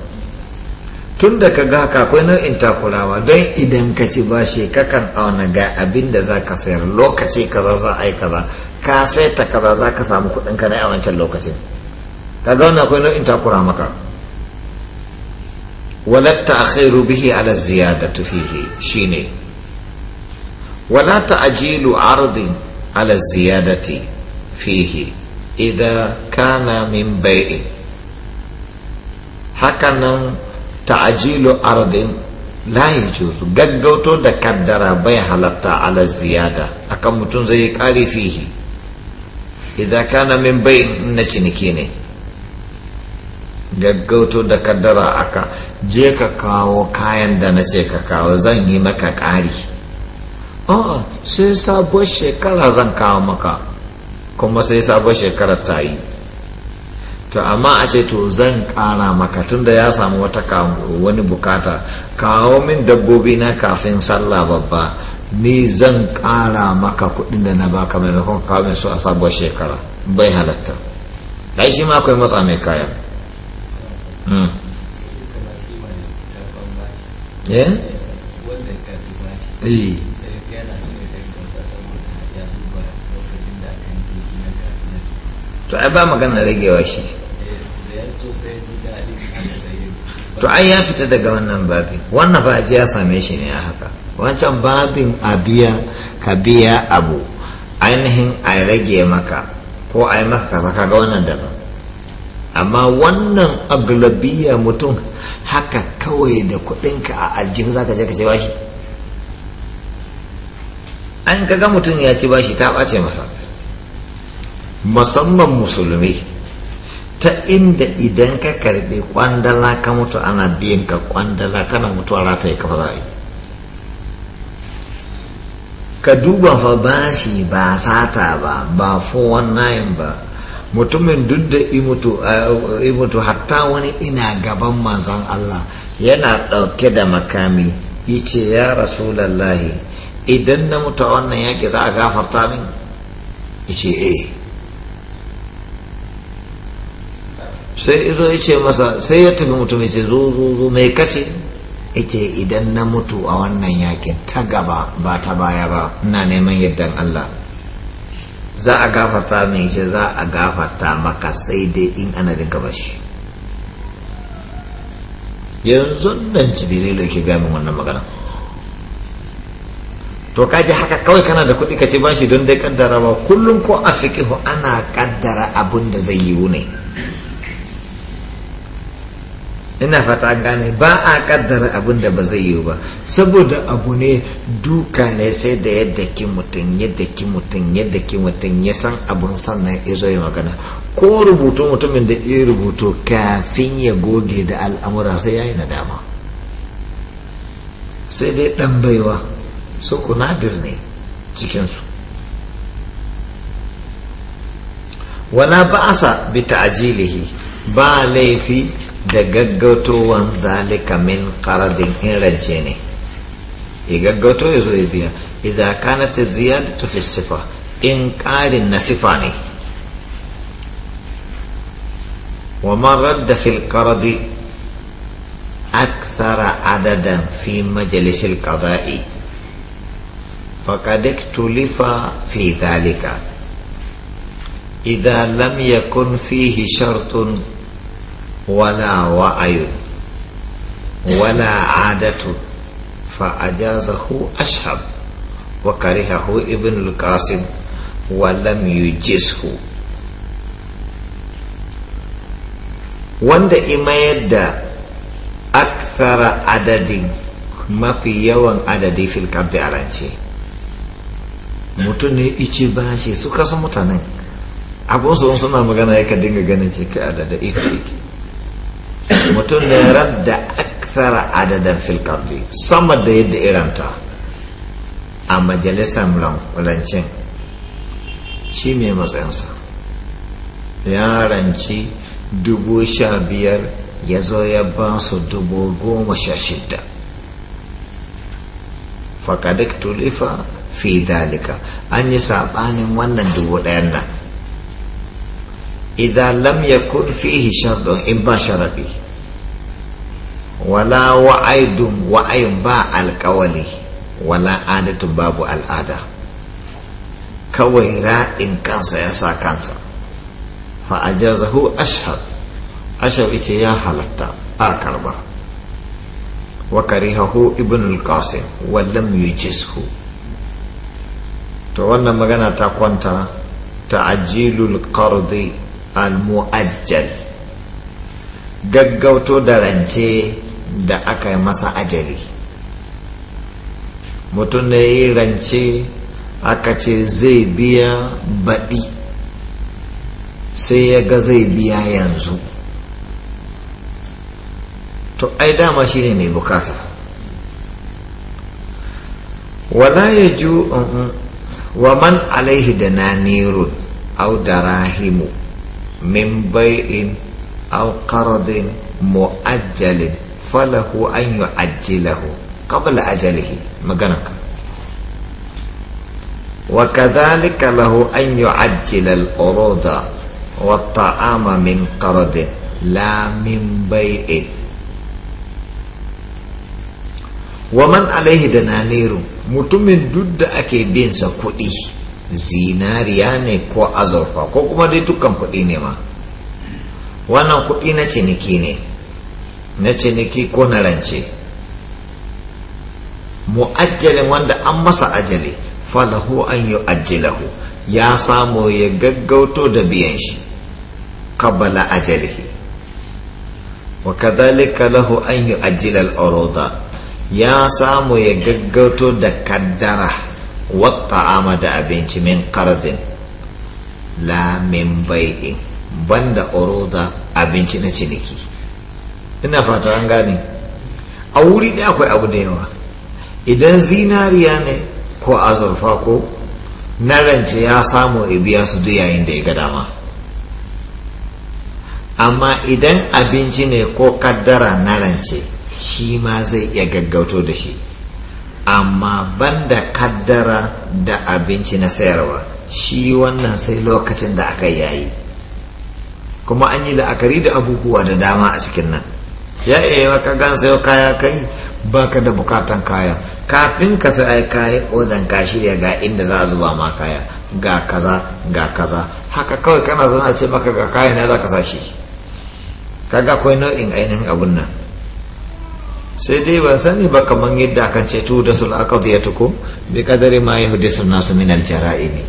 tun da ka ga haka akwai nau'in takurawa don idan ka ci bashi kakan auna ga abin da za ka sayar lokaci kaza za a yi kaza ka ta kaza za ka samu kuɗin ka na a wancan lokacin ka ga wannan akwai nau'in takura maka Walatta a ta'khiru bihi ala ziyadati fihi shine wala ta'jilu ardin ala ziyadati fihi ka kana min bai'in hakanan ta'ajilu ardin la cutu gaggauto da kaddara bai halatta ala ziyada akan mutum zai yi kare fihi idan kana min bai na ciniki ne gaggauto da kaddara aka je ka kawo kayan da na ce ka kawo zan yi maka ƙari a sai sabon shekara zan kawo maka kuma sai sabon shekara ta yi to amma a ce to zan kara maka tunda ya samu wata wani bukata kawo min dabbobi na kafin sallah babba ni zan kara maka kudin da na baka maimakon kawo min su a sabuwar shekara bai halatta dai shi ma akwai matsa mai kaya hmm. eh? Eh. to ai ba magana ragewa shi to ai ya fita daga wannan babin wannan ba ya same shi ne a haka wancan babin a biya ka biya abu ainihin a rage maka ko a yi maka kasa kaga wannan daban amma wannan aglabiya mutum haka kawai da kudinka a aljihu zaka je ka ce bashi an kaga mutum ya ci bashi ta ɓace masa musamman musulmi ta inda idan ka karbi kwandala ka mutu ana biyan ka kwandala kana mutuwa ya kafa za yi ka duba fa bashi ba sata ba ba 419 ba mutumin duk da imutu hatta wani ina gaban manzon Allah yana ɗauke da makami yace ya rasu rasulallahi idan na mutu wannan yaƙi za a gafarta min yace eh sai izo ya ce masa sai ya tafi mutum ya ce zo zo zo mai kace ce idan na mutu a wannan yakin ta gaba ba ta baya ba ina neman yaddan Allah za a gafarta mai ce za a gafarta maka sai dai in ana bin gaba shi yanzu nan jibrilu ke gami wannan magana to kaji haka kawai kana da kuɗi ka ce ba shi don dai kaddara ba kullum ko a fikihu ana kaddara abun da zai yiwu ne ina fata gane ba a kaddara abin da ba zai yiwu ba saboda abu ne duka ne sai da yadda ki mutum yadda ki mutum yadda ki mutum ya san abun sannan izo ya magana ko rubutu mutumin da ya rubutu kafin ya goge da al'amura sai ya yi nadama sai dai dan baiwa su kunadir ne cikinsu wala ba'asa bi ta'jilihi ba laifi من ගගගොටුවන් දාලි කමින් කරදිින් ඉරජනෙ ඒගගොට යුතුයිබිය ඉදාකානත ان තුෆිස්සප ඉන් කාඩින් رد ومردفي القرض أكثر عددا في مجلس القضاء فقد اكتلف في ذلك إذا لم يكن فيه شرط ولا وعي ولا عادة فأجازه أشهب وكرهه ابن القاسم ولم يجزه wanda ima yadda aksara adadin mafi yawan adadi fil kabdi a rance mutum ne ice ba shi su kasa mutanen abin sun suna magana ya ka dinga ganin ce ka adada ihu mutum ne radda aksara adadin filkardi sama da yadda iranta a majalisar rancin shi mai matsayinsa ya ranci dubu sha biyar ya zo ya ba su dubu goma sha shidda fakadik tulifa fi dalika an yi saɓanin wannan dubu ɗayan nan idan lam kun fi shardun in ba sharaɗi wala wa'aidun wa'ayin ba alkawali wala adatun babu al'ada kawai ra'in kansa ya sa kansa fa'ajazahu ashar ashar ita ya halatta a karba wa karihahu ibn al-qasim wallam yujizhu to wannan magana ta kwanta ta'ajilul qardi al-mu'ajjal gaggauto da rance da aka masa ajali mutum da ya yi rance aka ce zai biya baɗi sai ya ga zai biya yanzu to ai dama shi ne mai bukata wala ya ju wa man alaihi da na nanirun au da rahimu min bai'in au karadin mu'ajjalin falahu an lahu qabla ajalihi maganaka وكذلك له أن يعجل الأرود min bai قرض لا من بيع ومن عليه دنانير mutumin duk da ake bin sa kuɗi zinariya ne ko azurfa ko kuma dai dukkan kuɗi ne ma wannan kuɗi na ciniki ne na ciniki ko na rance mu'ajjalin wanda an masa ajali falahu an yi ajilahu ya samu ya gaggauto da biyan shi kabbala ajalihi wa kadhalika lahu an yi ajilal oroda ya samu ya gaggauto da kaddara wata ama da abinci min kardin la min bai'in banda oroda abinci na ciniki ina fata an gane a wuri ɗaya akwai abu da yawa idan zinariya ne ko azurfa ko na rance ya samu ya biya su duk yayin da ya ga dama amma idan abinci ne ko kaddara na rance shi ma zai iya gaggauto da shi amma banda kaddara da abinci na sayarwa shi wannan sai lokacin da aka yayi kuma an yi la'akari da abubuwa da dama a cikin nan ya ewa ka gan sayo kaya kai baka da bukatan kaya kafin ka sai kaya odan ka shirya ga inda za a zuba ma kaya ga kaza ga kaza haka kawai kana zana ce maka ga kaya na za ka sa shi kaga akwai nau'in ainihin abun nan sai dai ban sani ba kamar yadda kan ceto da sul aqdiyatu ko bi kadari ma yahdisu nasu min al jara'imi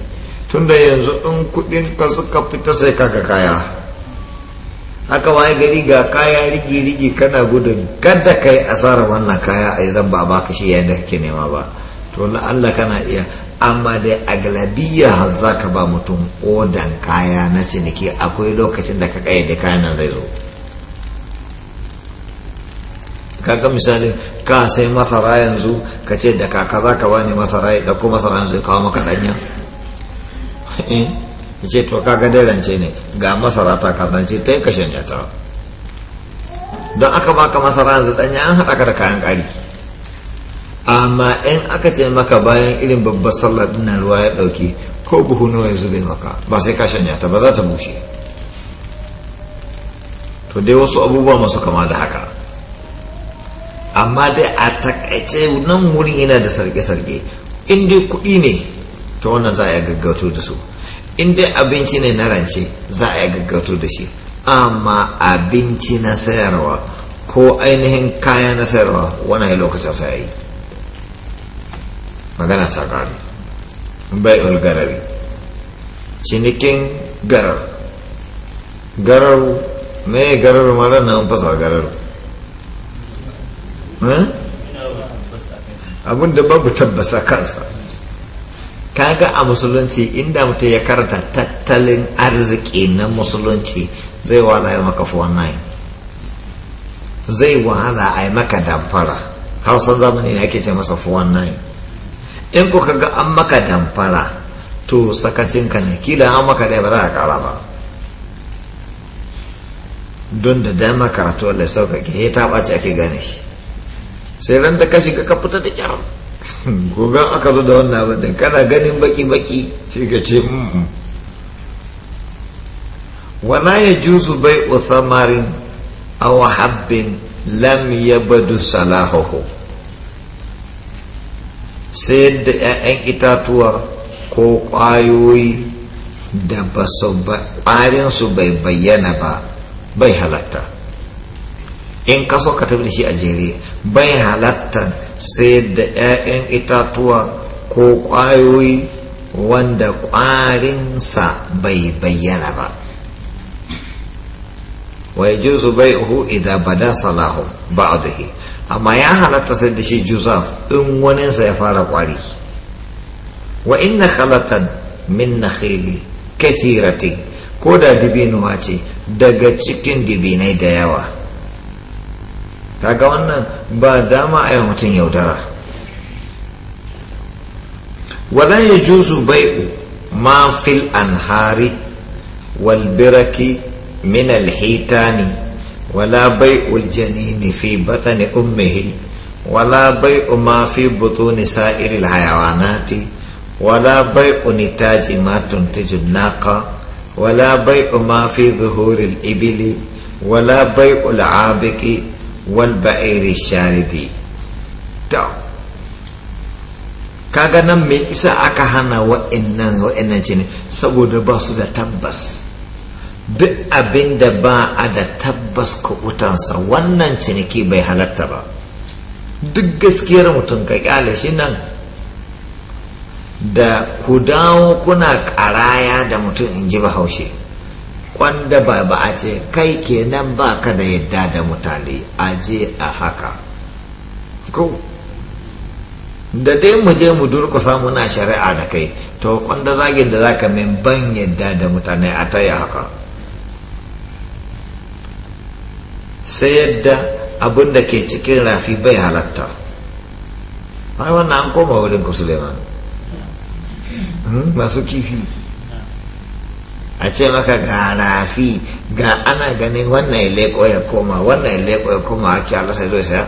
tunda yanzu in kudin ka suka fita sai kaga kaya haka waye gari ga kaya rigi rigi kana gudun kada kai asara wannan kaya a zan ba ka shi yayin da kake nema ba to Allah kana iya amma dai a galabiya za ka ba mutum odan kaya na ciniki akwai lokacin da ka da kayan nan zai zo kaga misali ka sai masara yanzu ka ce da kaka za ka bani masara ya ɗauko masara yanzu ya kawo maka danya eh? ya ce to kaga dai rance ne ga masara ta kasance ta yi ka don aka baka masara yanzu danya an haɗa ka da kayan ƙari amma in aka ce maka bayan irin babbar sallar dinnan ruwa ya ɗauki ko buhu nawa ya zube maka ba sai ka shanya ba za ta bushe to dai wasu abubuwa masu kama da haka amma dai a takaice nan wurin yana da sarge-sarge in dai kuɗi ne ta wannan za a gaggauto da su in dai abinci ne na rance za a yi gaggato da shi amma abinci na sayarwa ko ainihin kaya na sayarwa wani lokacin sa yi magana ta gari bai ulgarari cinikin garar garar mai garar mara na fasar garar eh? abinda babu tabbasa kansa kaga a musulunci inda mutum ya karanta tattalin arziki na musulunci zai wahala ya maka fuwan zai wahala a yi maka damfara hausa zamani ne ake ce masa fuwan in ku kaga an maka damfara to sakacin ka ne kila an maka da ba za a kara ba don da dama karatu wallai sauƙaƙe ya ta ɓace ake gane shi sai ran da ka shiga ka fita da kyar gobe aka zo da wannan abin kana ganin baki-baki shi ka ce wala ya juzu bai samarin a wahabbin lam badu salahuhu sai da 'ya'yan itatuwa ko ƙwayoyi da ƙwarinsu bai bayyana ba bai halatta in kaso ka tafi da shi a jere bai halatta sai da 'ya'yan itatuwa ko ƙwayoyi wanda ƙwarinsa bai bayyana ba wai juzu bai uhu idan bada salahu ba a amma ya halatta sai da shi juzaf in waninsa ya fara ƙwari wa inna halatta min na nakhili kathiratin ko da dibinuwa ce daga cikin dibinai da yawa kaga wannan ba dama a yi mutum yaudara wala ya juzu bai'u ma fil anhari wal biraki min alhitani wala bai'u aljanini fi batni ummihi wala bai'u ma fi butuni sa'iri alhayawanati wala bai'u nitaji ma tuntiju naqa wala bai'u ma fi zuhuri alibili wala bai'u alabiki wal ba'iri sharidi to kaga nan me isa aka hana wa'annan wa'annan ce saboda ba su da tabbas duk abin da ba a da tabbas kubutansa wannan ciniki bai halatta ba duk gaskiyar mutum ka kyale shi nan da ku dawo kuna karaya da mutum in ji bahaushe wanda ba ba a ce kai kenan ba ka da yadda da mutane a je a haka ko da dai mu je mu durkusa muna shari'a da kai to wanda zagin da zaka min ban yadda da mutane a ta yi haka sai yadda abin da ke cikin rafi bai halatta ai wannan an koma wurin ku suleiman hmm? masu kifi a ce maka ga rafi ga ana ganin wannan ya leko ya koma wannan ya leko ya koma a ce Allah sai zo saya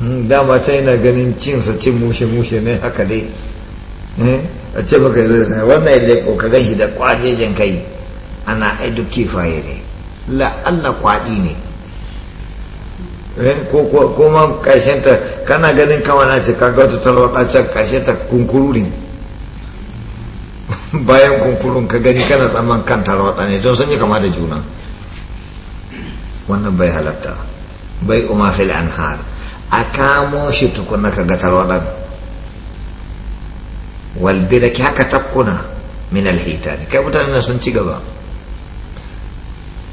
hmm, dama ta yana ganin cinsa cin mushe-mushe ne haka dai eh, a ce maka ya zo saya wannan ya leko ka gan shi da kwajejin kai ana aidu kifaye ne la'alla kwadi ne eh, ko ma ƙarshen ta kana ganin kawana ce kaga wata talwata can ƙarshen ta kunkuru ne bayan kunkurun ka gani kana tsamman kanta rawa ne don sun yi kama da juna wannan bai halatta bai umar fil anhar a kamo shi tukuna ka ga tarwaɗan walbira ki haka tafkuna min alhita ne kai mutane na sun ci gaba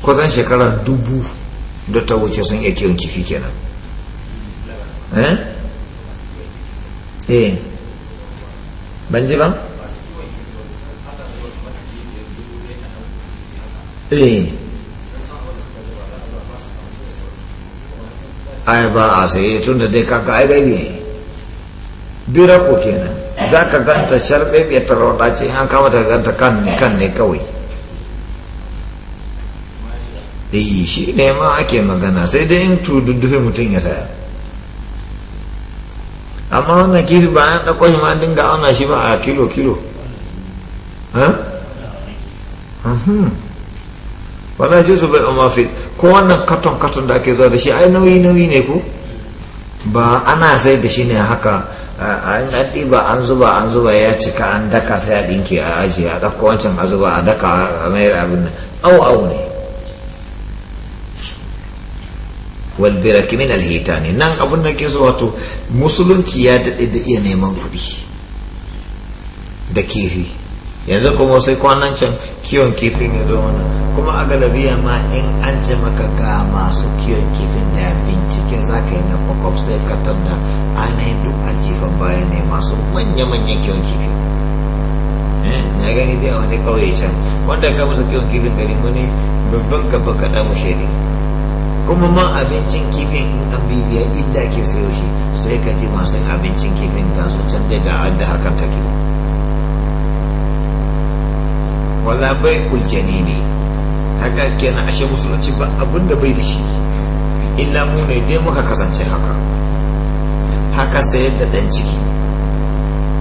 kusan shekara dubu da ta wuce sun iya kiwon kifi kenan eh eh ban ji ba Eh. Ai ba a sai tunda dai kaga ai gaibi ne. Bira ko kenan. Za ka ganta sharbe bai tarwada ce an kama ta kan kan ne kawai. Eh shi ne ma ake magana sai dai in tududdufe ya saya. amma kiri ba an ɗauko ma dinga mah shi ba a kilo kilo. Ha? ba na ji bai amma fi ko wannan katon katon da ake zuwa da shi ai nauyi nauyi ne ko ba ana sai da shi ne haka an ba an zuba an zuba ya cika an daka sai a ɗinki a aji a ɗauko wancan a zuba a daka a mai abin nan au au ne walbiraki min alhita ne nan abin da ke zuwa wato musulunci ya daɗe da iya neman kuɗi da kifi yanzu kuma sai kwanan can kiwon kifin ya zo kuma a galabiya ma in an ce maka ga masu kiwon kifin da bincike za ka yi na kwakwaf sai ka tanda ainihin duk aljifan bayan ne masu manya-manyan kiwon kifi eh, na gani dai wani kawai can wanda ka musu kiwon kifin gari muni babban gaba kaɗa mu kuma ma abincin kifin in an bibiya inda ake sayo shi sai ka ji masu abincin kifin ga su can da hakan take wala bai uljani ne haka kenan ashe musulunci ba abin da bai da shi illa mu ne dai muka kasance haka haka sayar da ɗan ciki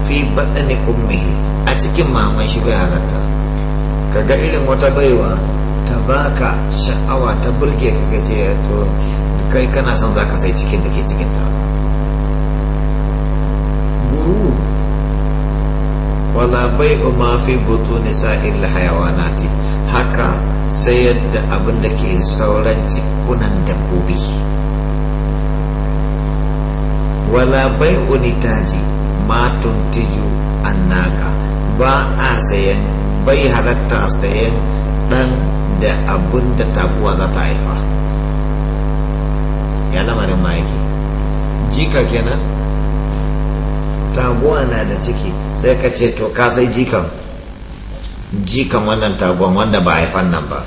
fi baɗani ummihi a cikin maman shi bai halatta kaga irin wata baiwa ta baka sha'awa ta burge ka gaje to kai kana son zaka sai cikin da ke ta. wala bai ma fi butu butuni sa'il hayawanati haka sayar da abin da ke sauran cikunan dabbobi wala bai'u nitaji ma tuntiju annaka ba a sayan bai halatta sayan dan da abin da tabuwa za ta haifa ya lamarin ma yake jika kenan taguwa na da ciki sai ka ce to ka sai jikan jikan wannan taguwan wanda ba a nan ba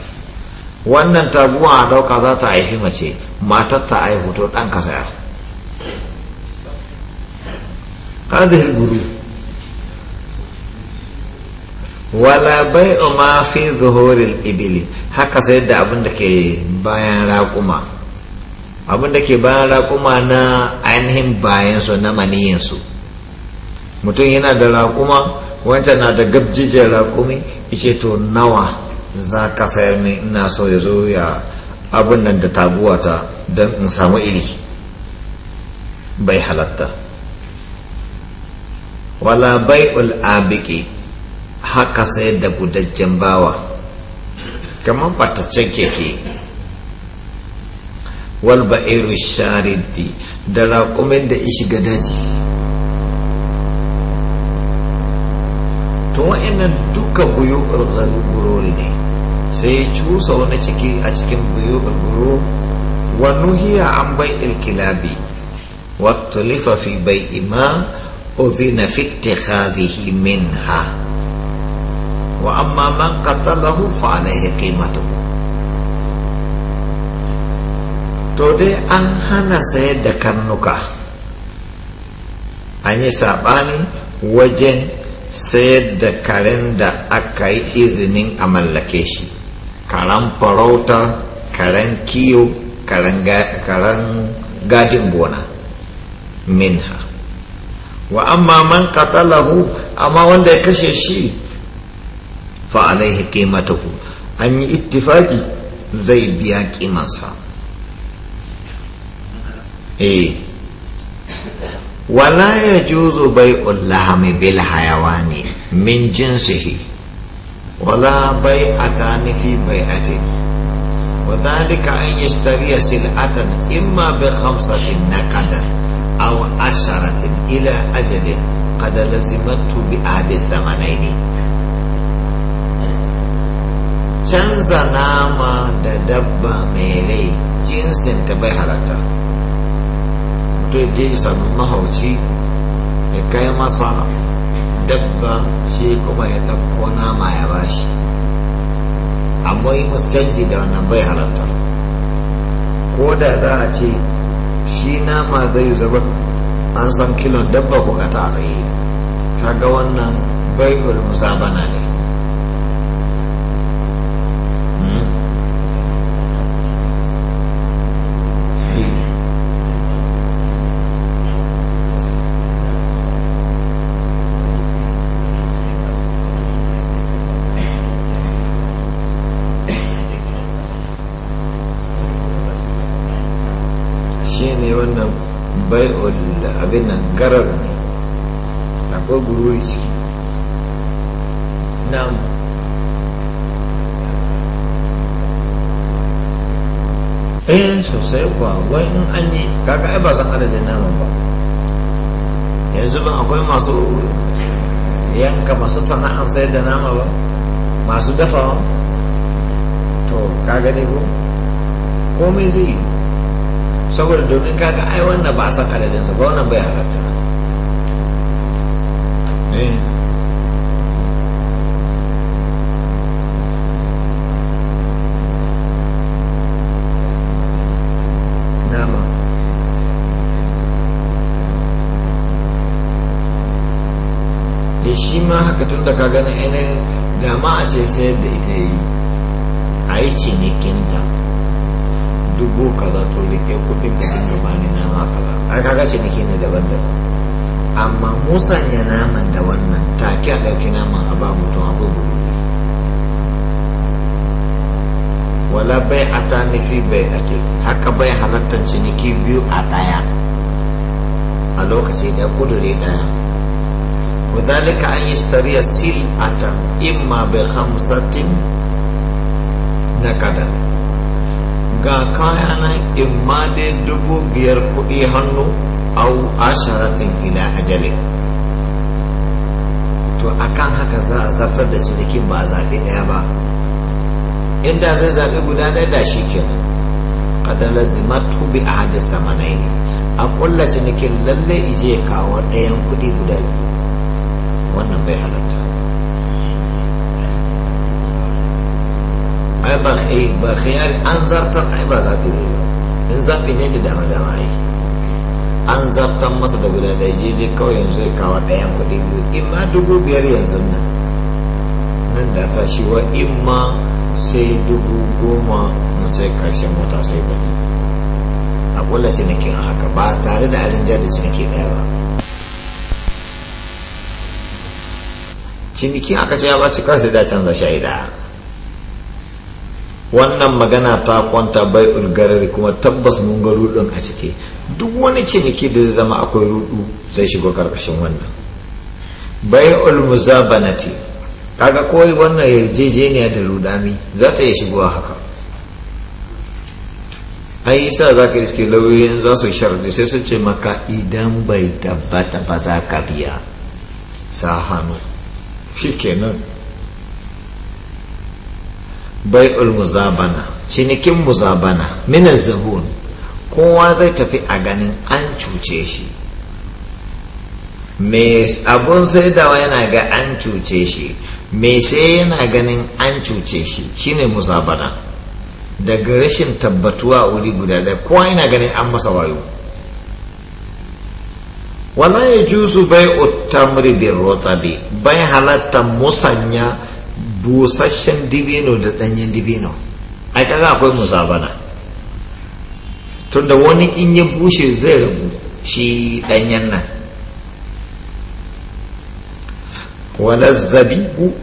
wannan taguwa a ɗauka za ta haifi mace matar ta aihu to ɗan ka saya hadhihi guru wala bai ma fi zuhuril ibili haka sai da abin da ke bayan raƙuma abin da ke bayan raƙuma na ainihin bayansu na maniyinsu mutum yana da raƙuma wancan na da gabjijiyar raƙumi ike to nawa za ka sayar min ina so ya zo ya abin nan da taguwata don in samu iri bai halatta wala bai ul'abiki haka sayar da gudajen bawa kamar fataccen keke wal ba'iru sharidi da raƙumin da ishi daji wa'annan duka al gururi guru sai ini. cusa wani ciki a cikin al guru wa nuhiya an kilabi wa tulifa fi bayi ima udhina fi ittikhadhihi minha wa amma man qatalahu fa alayhi qimatu to dai an hana sayar da karnuka wajen sayar da karen da aka yi izinin a mallake shi karen farauta karen kiyo karen gadin gona minha wa amma man katalahu amma wanda ya kashe shi fa alaihi qimatuhu an yi ittifaki zai biya kimansa eh wala ya ji zubai ulla bil hayawa ne min jinsu hi wala bai a ta nufi bai a ce an yi shtariya sil'atan in ma bai hamsatin na kadar a wa ila ajali kadar zimatu bi adi zamanai ne canza nama da dabba mai rai jinsin ta bai halarta. mutum je ya sami mahauci ya kai masa dabba shi kuma ya ɗauko nama ya bashi amma yi mustanci da wannan bai halatta ko da za a ce shi nama zai zaba an san kilon dabba ko ka ta tsaye kaga wannan bai musabana ne ne wannan bai'ul abin nan garar ne akwai gururi ciki na'am eh sosai kuwa wai in an yi kaka ai ba san adadin naman ba yanzu ba akwai masu yanka masu sana'an sayar da nama ba masu dafawa to kaga ne ko komai zai yi saboda domin kaga ai wannan ba a san adadinsa ba wannan bai halatta eh. Eh, shi ma haka tun da ka gani ainihin dama a ce sayar da ita yi a yi cinikinta dubu kaza to rike kudin kudin na nama kaza a kaga ce nake ne daban daban amma musa ne naman da wannan take a dauki naman a ba mutum abu buɗe wala bai a ta nufi bai a ce haka bai halattar ciniki biyu a ɗaya a lokaci da ƙudure ɗaya وذلك sil يشتري سلعة hamsatin na نقدا ga kaya nan in ma dai dubu biyar kuɗi hannu au asharatin ila ajali to akan haka za a sartar da cinikin ba a zaɓi ɗaya ba inda zai zaɓi guda ɗaya da shi kenan kadala zimatu a ahadi samanai ne a ƙulla cinikin lalle ije kawo ɗayan kuɗi guda wannan bai halatta ai ba kai ba kai an zarta ai ba zaɓi zai in zaɓi ne da dama dama ai an zartar masa da guda ɗaya je dai kawai yanzu ya kawo ɗayan kuɗi biyu in ma dubu biyar yanzu nan nan da ta shi wa in ma sai dubu goma na sai ƙarshen mota sai bari a ƙulla cinikin a haka ba tare da alin da ciniki ɗaya ba ciniki aka ce ya ba ci kawai da canza shaida wannan magana ta kwanta bai ulgarari kuma tabbas mun ga ruɗun a ciki duk wani ciniki da zai zama akwai rudu zai shigo karkashin wannan bai ulmuzabanati kaga kawai wannan yarjejeniya da rudami za ta shigo haka ai yasa za ka iske lauyoyin za su sharri sai su ce maka idan bai tabbata ba za ka biya sa hannu shi kenan. bai'ul muzabana cinikin muzabana mina zuhun kowa zai tafi a ganin an cuce shi mai abun wa yana ga an cuce shi mai sai yana ganin an cuce shi shine muzabana daga rashin tabbatuwa a wuri guda da kowa yana ganin an masa wayo wala ya juzu bai utamri bin rotabi bai halatta musanya busasshen dibino da ɗanyen dibino ai kaga akwai musabana tunda wani in ya bushe zai rabu shi ɗanyen nan wala zabibu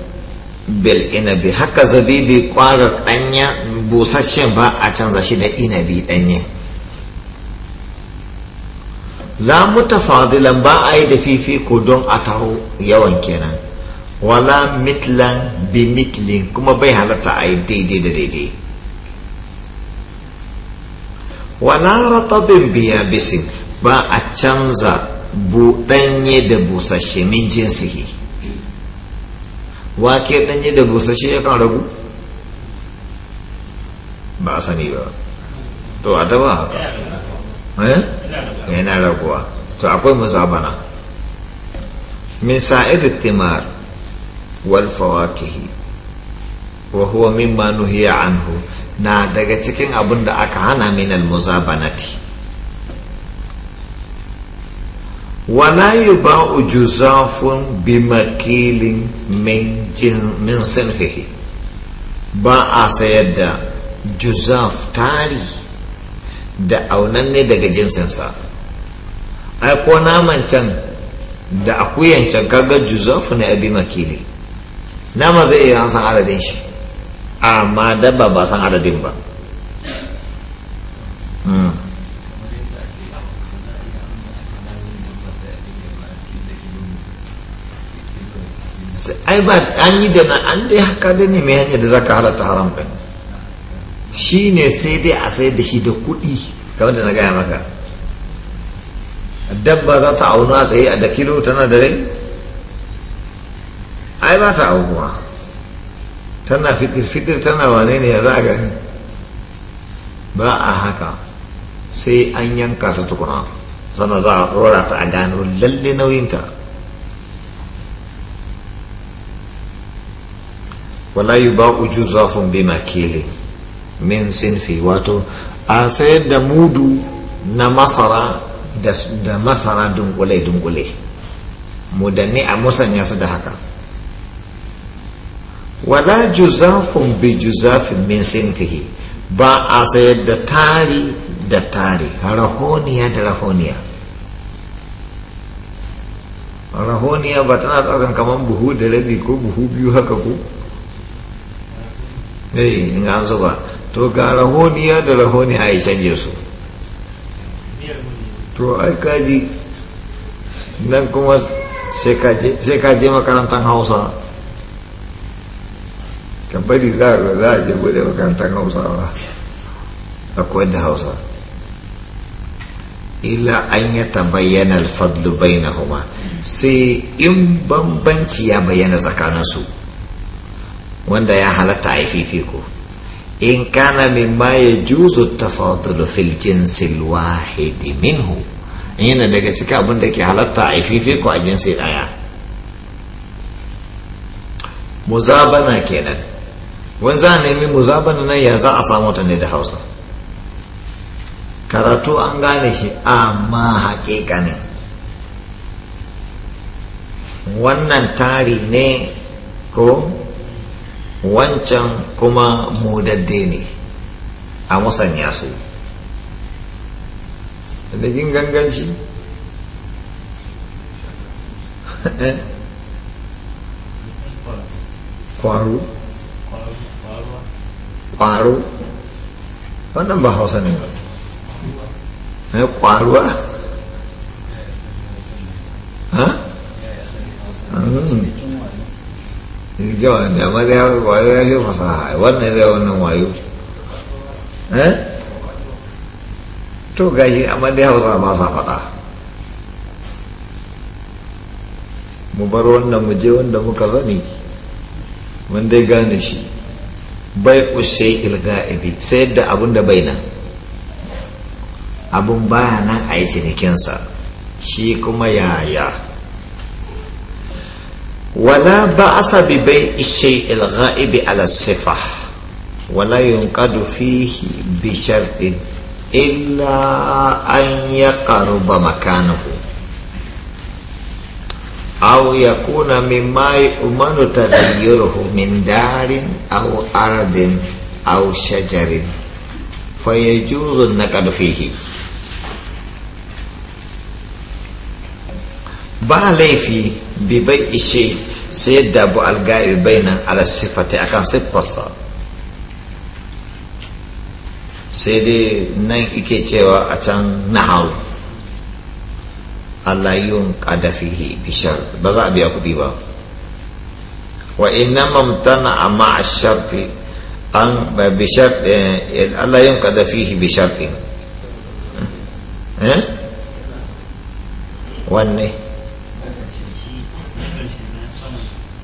bil inabi haka zabibi kwara ɗanya busasshen ba a canza shi da inabi ɗanye la mutafadilan ba a yi da fifiko don a taho yawan kenan wala mitlan bi mitlin kuma bai halatta a yi daidai da daidai wala ratabin biya bisin ba a canza buɗanye da busashe min jinsihi wake ɗanye da busashe kan ragu ba a sani ba to a taba haka eh? yana raguwa to akwai musabana min sa'ir timar wa وهو مما نهي عنه na daga cikin abin da aka hana minal muzabanati wala yuba'u juzafun bimakilin min min sinfihi ba a sayar da juzaf tari da aunanne daga jinsinsa ai ko naman can da akuyan can kaga juzaf ne abi makili nama zai iya san adadin shi amma dabba ba san adadin ba hmm. ai ba an yi da na an dai haka da ne mai hanyar da za ka halatta haram ɗin shi ne sai dai a sai da shi da kuɗi kamar da na gaya maka dabba za ta auna tsaye a da kilo tana da rai ai ba ta tana fitir-fitir tana wane ne ya za a gani ba a haka sai an yanka ta tukuna sannan za a ɗora ta a gano lalle nauyinta ta yi ba uju zafin bi makele min sinfi wato a sayar da mudu na masara da masara dunkule-dunkule mudanni a musanya su da haka wala juzafun bi juzafin min sinfihi ba a sayar da tari da tari rahoniya da rahoniya rahoniya ba tana tsakan kamar buhu da rabi ko buhu biyu haka ko eh in an zuba to ga rahoniya da rahoniya ya canje su to ai kaji nan kuma sai kaje makarantar hausa ka bari za a za a je bude makarantar hausawa akwai da hausa ila an ya tabayyana alfadlu bainahuma sai in bambanci ya bayyana tsakaninsu wanda ya halatta a ko in kana ma ya juzu tafadulu fil jinsil wahidi minhu yana daga cikin abin da ke halatta a ko a jinsi daya muzabana kenan wani za a nemi muzaban nan ya za a samu ta ne da hausa karatu an gane shi amma haƙiƙa ne wannan tari ne ko wancan kuma mudadde ne a musanya su da ganganci eh? kwaru ƙwaro wannan ba hausa ne ba mai ƙwaruwa eh, ah? ha? Hmm. jawa hausa ne ya wayo ya yi fasaha wannan zai wannan wayo eh? to gashi amma dai hausa ba sa faɗa mu bar wannan mu wanda muka zani mun dai gane shi bai ushe ibi sai da abun da bai nan abun baya nan a yi cinikinsa shi kuma yaya wala ba asa bi bai ishe ilga'ibi ala sifa wala yunkadu fihi bi sharɗin illa an ya ƙaru ba makanahu au yakuna mimma umanu tadayyuruhu min darin aw ardin aw shajarin na naqad fihi ba laifi bi bai ishe sai yadda bu bai bainan ala sifati akan sifarsa sai dai nan ike cewa a can nahawu Allah yun qadafihi bishar ba za a biya kuɗi ba wa inna mamtana a asharti an bishar eh, eh, Allah yun qadafihi Bisharfi. Eh? eh wanne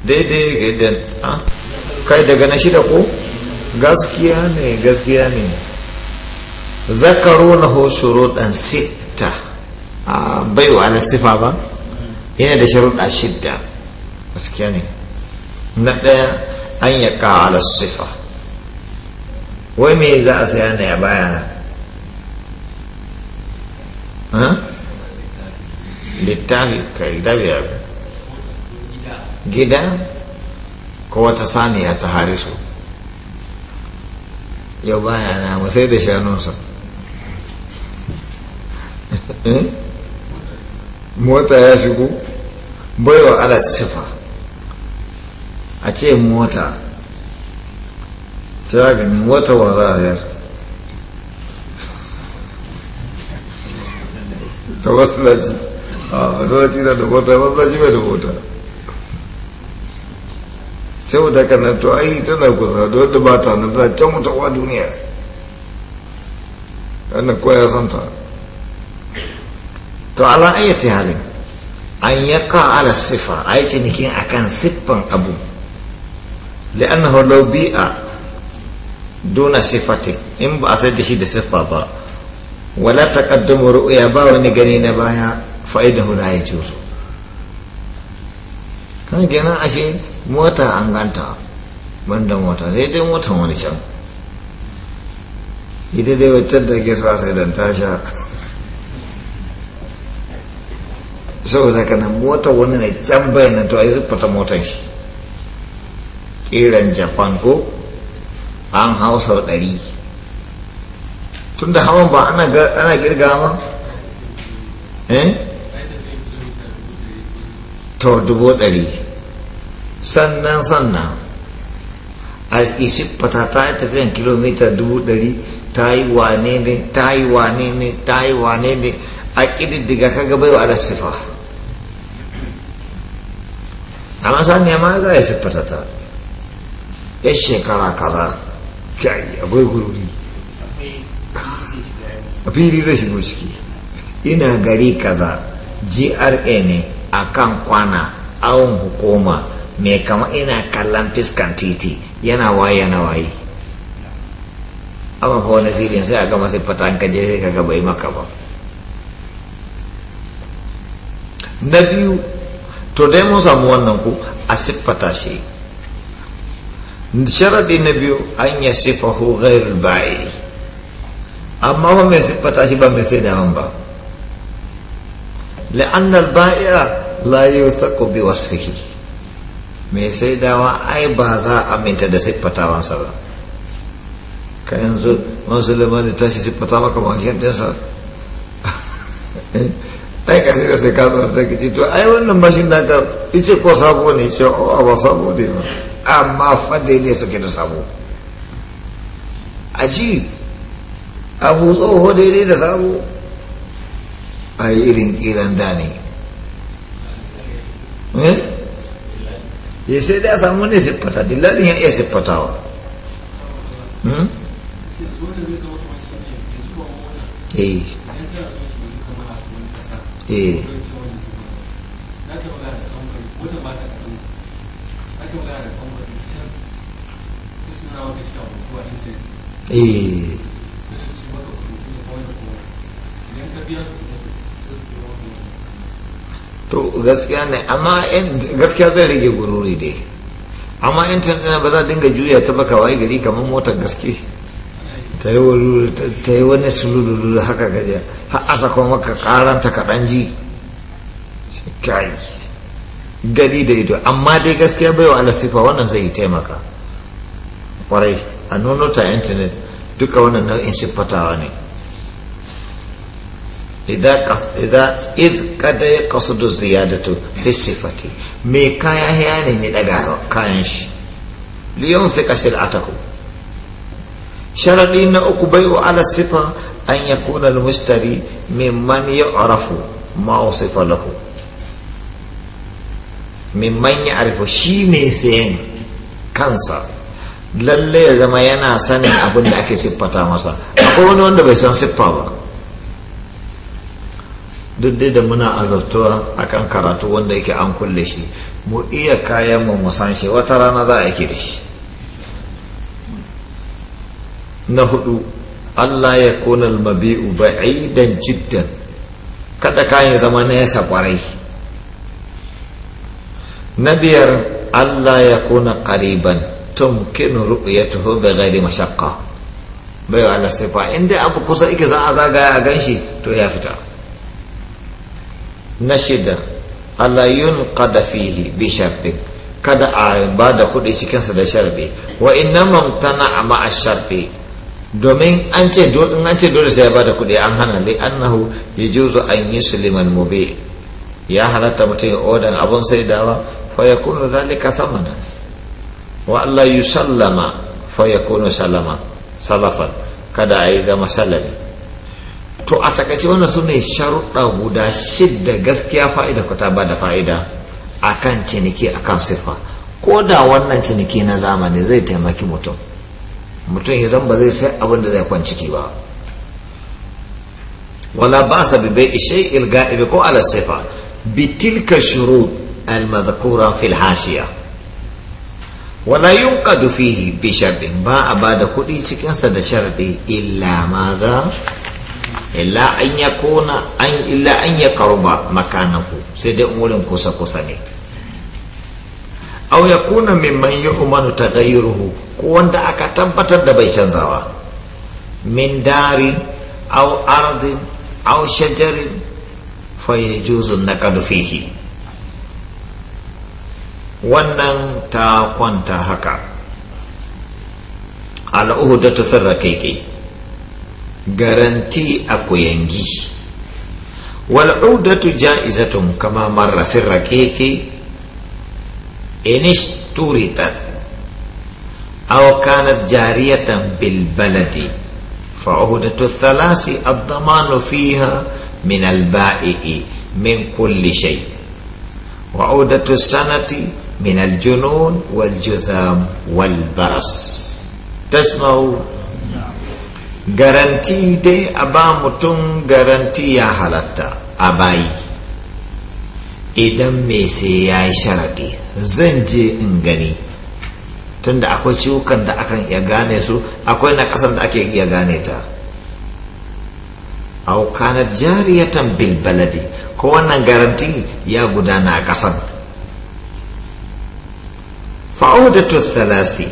daidai gidan kai daga na shida ko gaskiya ne gaskiya ne zakarunahu shuruɗan Sita. baiwa na sifa ba yana da sharuɗa shidda gaskiya ne na ɗaya an yaƙa ala sifa wai me za a saya na ya bayana littafi ka littafi ya gida ko wata saniya ta harisu yau bayana sai da shanunsa eh? mota ya shigo baiwa ala sifa a ce mota ta ganin mota wa zahir a yar ta wasu laji a wasu laji na da mota wasu laji mai da mota sai wata kanar to ai tana kusa da wadda ba ta nan za can wata wa duniya wannan koya santa to ala ayyati halin an ka ala sifa ai ciniki akan siffan abu li'annahu law bi'a duna sifati in ba a sai da shi da siffa ba wala taqaddamu ru'ya ba wani gani na baya fa'idahu la yajuzu kan gina ashe mota an ganta banda mota sai dai mota wani can ita dai wacce da ke sa sai dan tasha saboda ka nan mota wani ne can bayanan to ai zuffata motar shi kiran japan ko an hau sau ɗari tun da hawan ba ana girga ma eh to dubu ɗari sannan sannan a fata ta yi tafiyan kilomita dubu ɗari ta yi wane ne ta yi wane ne ta yi wane ne a ƙididdiga ka gabai wa alasifa amma saniya ma za ya siffata ta ya shekara kaza kai akwai gurbi a fili zai shigo ciki ina gari kaza gra ne akan kwana awon hukuma mai kama ina kallon fiskan titi yana waye yana waye amma fa wani filin sai a gama siffata an kaje sai ka gaba yi maka ba na biyu to dai mun samu wannan ku a siffata shi sharadi na biyu an ya siffahu ghairul ba'i amma wa mai siffata shi ba mai sai da ba la'annal ba'i'a la yuthaqqu bi wasfihi mai sai dawa ai ba za a aminta da siffatawansa ba ka yanzu wani sulaiman da tashi siffata maka makin ɗinsa sai ka sai da sai ka tsoro sai ka ce to ai wannan bashin da ka ice ko sabo ne ce o ba sabo ne ba amma fadai ne suke da sabo aji abu tsoho daidai da sabo a yi irin kiran da ne eh? ya sai da samu ne siffata dillalin ya iya siffatawa hmm? eh Eh. eh to gaskiya ne amma gaskiya zai rage gururi dai amma 'yancin ɗana ba za dinga juya ta baka waye gari kamar motar gaske ta yi wani sululu haka gajiya har asa kuma maka karanta kaɗan ji kai gani da ido amma dai gaskiya bai wa sifa wannan zai yi taimaka kwarai a nuno ta intanet duka wannan nau'in siffatawa ne idan id kada ya da ziyadatu fi siffati mai kayan haya ne daga kayan shi liyon fi kasir ataku sharaɗi na uku bai wa ala sifa an ya kuna mustari mimman ya arafu ma sifa lahu mimman ya arafu shi mai sayan kansa lalle ya zama yana sanin abin da ake siffata masa akwai wani wanda bai san siffa ba duk dai da muna azabtuwa kan karatu wanda yake an kulle shi mu iya kayan mu san shi wata rana za a yake da shi na hudu Allah ya kona mabi'u ba'idan jiddan kada kayan zama nesa kwarai na biyar Allah ya kona qariban tumkin ru'yatuhu bighairi mashaqqa bai wa Allah sifa inda abu kusa ike za a zagaya a ganshi to ya fita na shida Allah kada fihi bi shartin kada a ba da kuɗi cikinsa da sharbi wa inna mamtana a ma'ashar domin an ce in an ce dole sai ya bada kuɗi an hana li annahu yajuzu an yusliman mubi ya halatta mutum ya odan abun sai dawa fa yakunu zalika thamana wa Allah yusallama fa yakunu salama salafan kada a yi zama salami to a takaice wannan su ne sharuɗa guda shidda gaskiya fa'ida ku ta ba da fa'ida akan ciniki akan siffa ko da wannan ciniki na zamani zai taimaki mutum mutum ya ba zai sai abin da zai ki ba wala ba sa bi bai ishe ilga ibi ko ala sifa bi tilka al madhkura fil hashiya wala yunqadu fihi bi shartin ba a ba da kuɗi cikinsa da sharɗi illa ma za illa an an illa an ya karuba makanaku sai dai wurin kusa kusa ne aw yakuna mimman yu'manu taghayyuruhu ko wanda aka tabbatar da bai canzawa min dari au ardin au shajarin fa yajuzu naqadu fihi wannan ta kwanta haka al'udatu fi raqiqi garanti kuyangi wal'udatu ja'izatun kama marra fi keke. إن اشترطت أو كانت جارية بالبلد فعهدة الثلاث الضمان فيها من البائع من كل شيء وعودة السنة من الجنون والجذام والبرص تسمعوا garanti dai أبا ba mutum garanti حالتا halatta a bayi idan mai zan je in gani tunda akwai ciwukan da akan iya gane su akwai na kasar da ake iya gane ta au kana jariyatan bil baladi ko wannan garanti ya gudana a kasan fa'udatu thalasi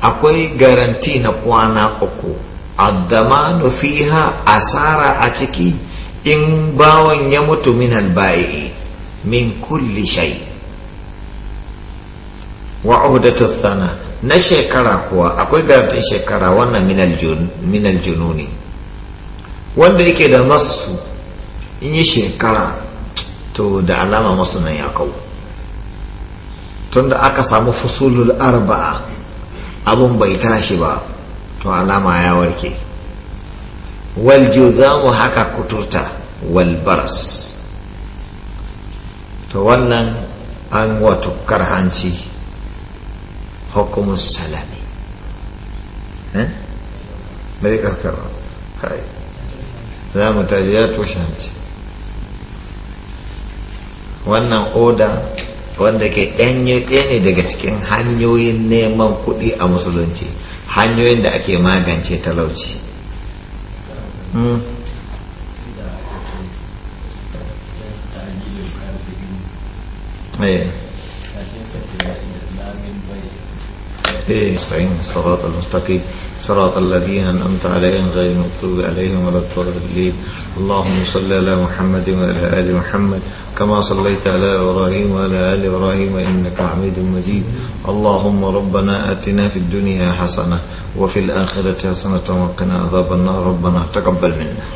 akwai garanti na kwana uku addamanu fiha asara a ciki in bawon ya mutu min bai min kulli shay' wa uhdatu sana na shekara kuwa akwai garantin shekara wannan minal jununi wanda yake da masu in yi shekara to da alama masu nan ya kawo tunda aka samu fusulul arba'a abun bai tashi ba to alama ya warke wal mu haka kuturta wal to wannan an wato karhanci hanci hukumus salami bai ɗauka za mu ta ya toshe wannan oda wanda ke ɗanye ne daga cikin hanyoyin neman kuɗi a musulunci hanyoyin da ake magance talauci Yeah. استعين الصراط المستقيم صراط الذين أنعمت عليهم غير المغضوب عليهم ولا الضالين اللهم صل على محمد وعلى آل محمد كما صليت على إبراهيم وعلى آل إبراهيم إنك حميد مجيد اللهم ربنا آتنا في الدنيا حسنة وفي الآخرة حسنة وقنا عذاب النار ربنا تقبل منا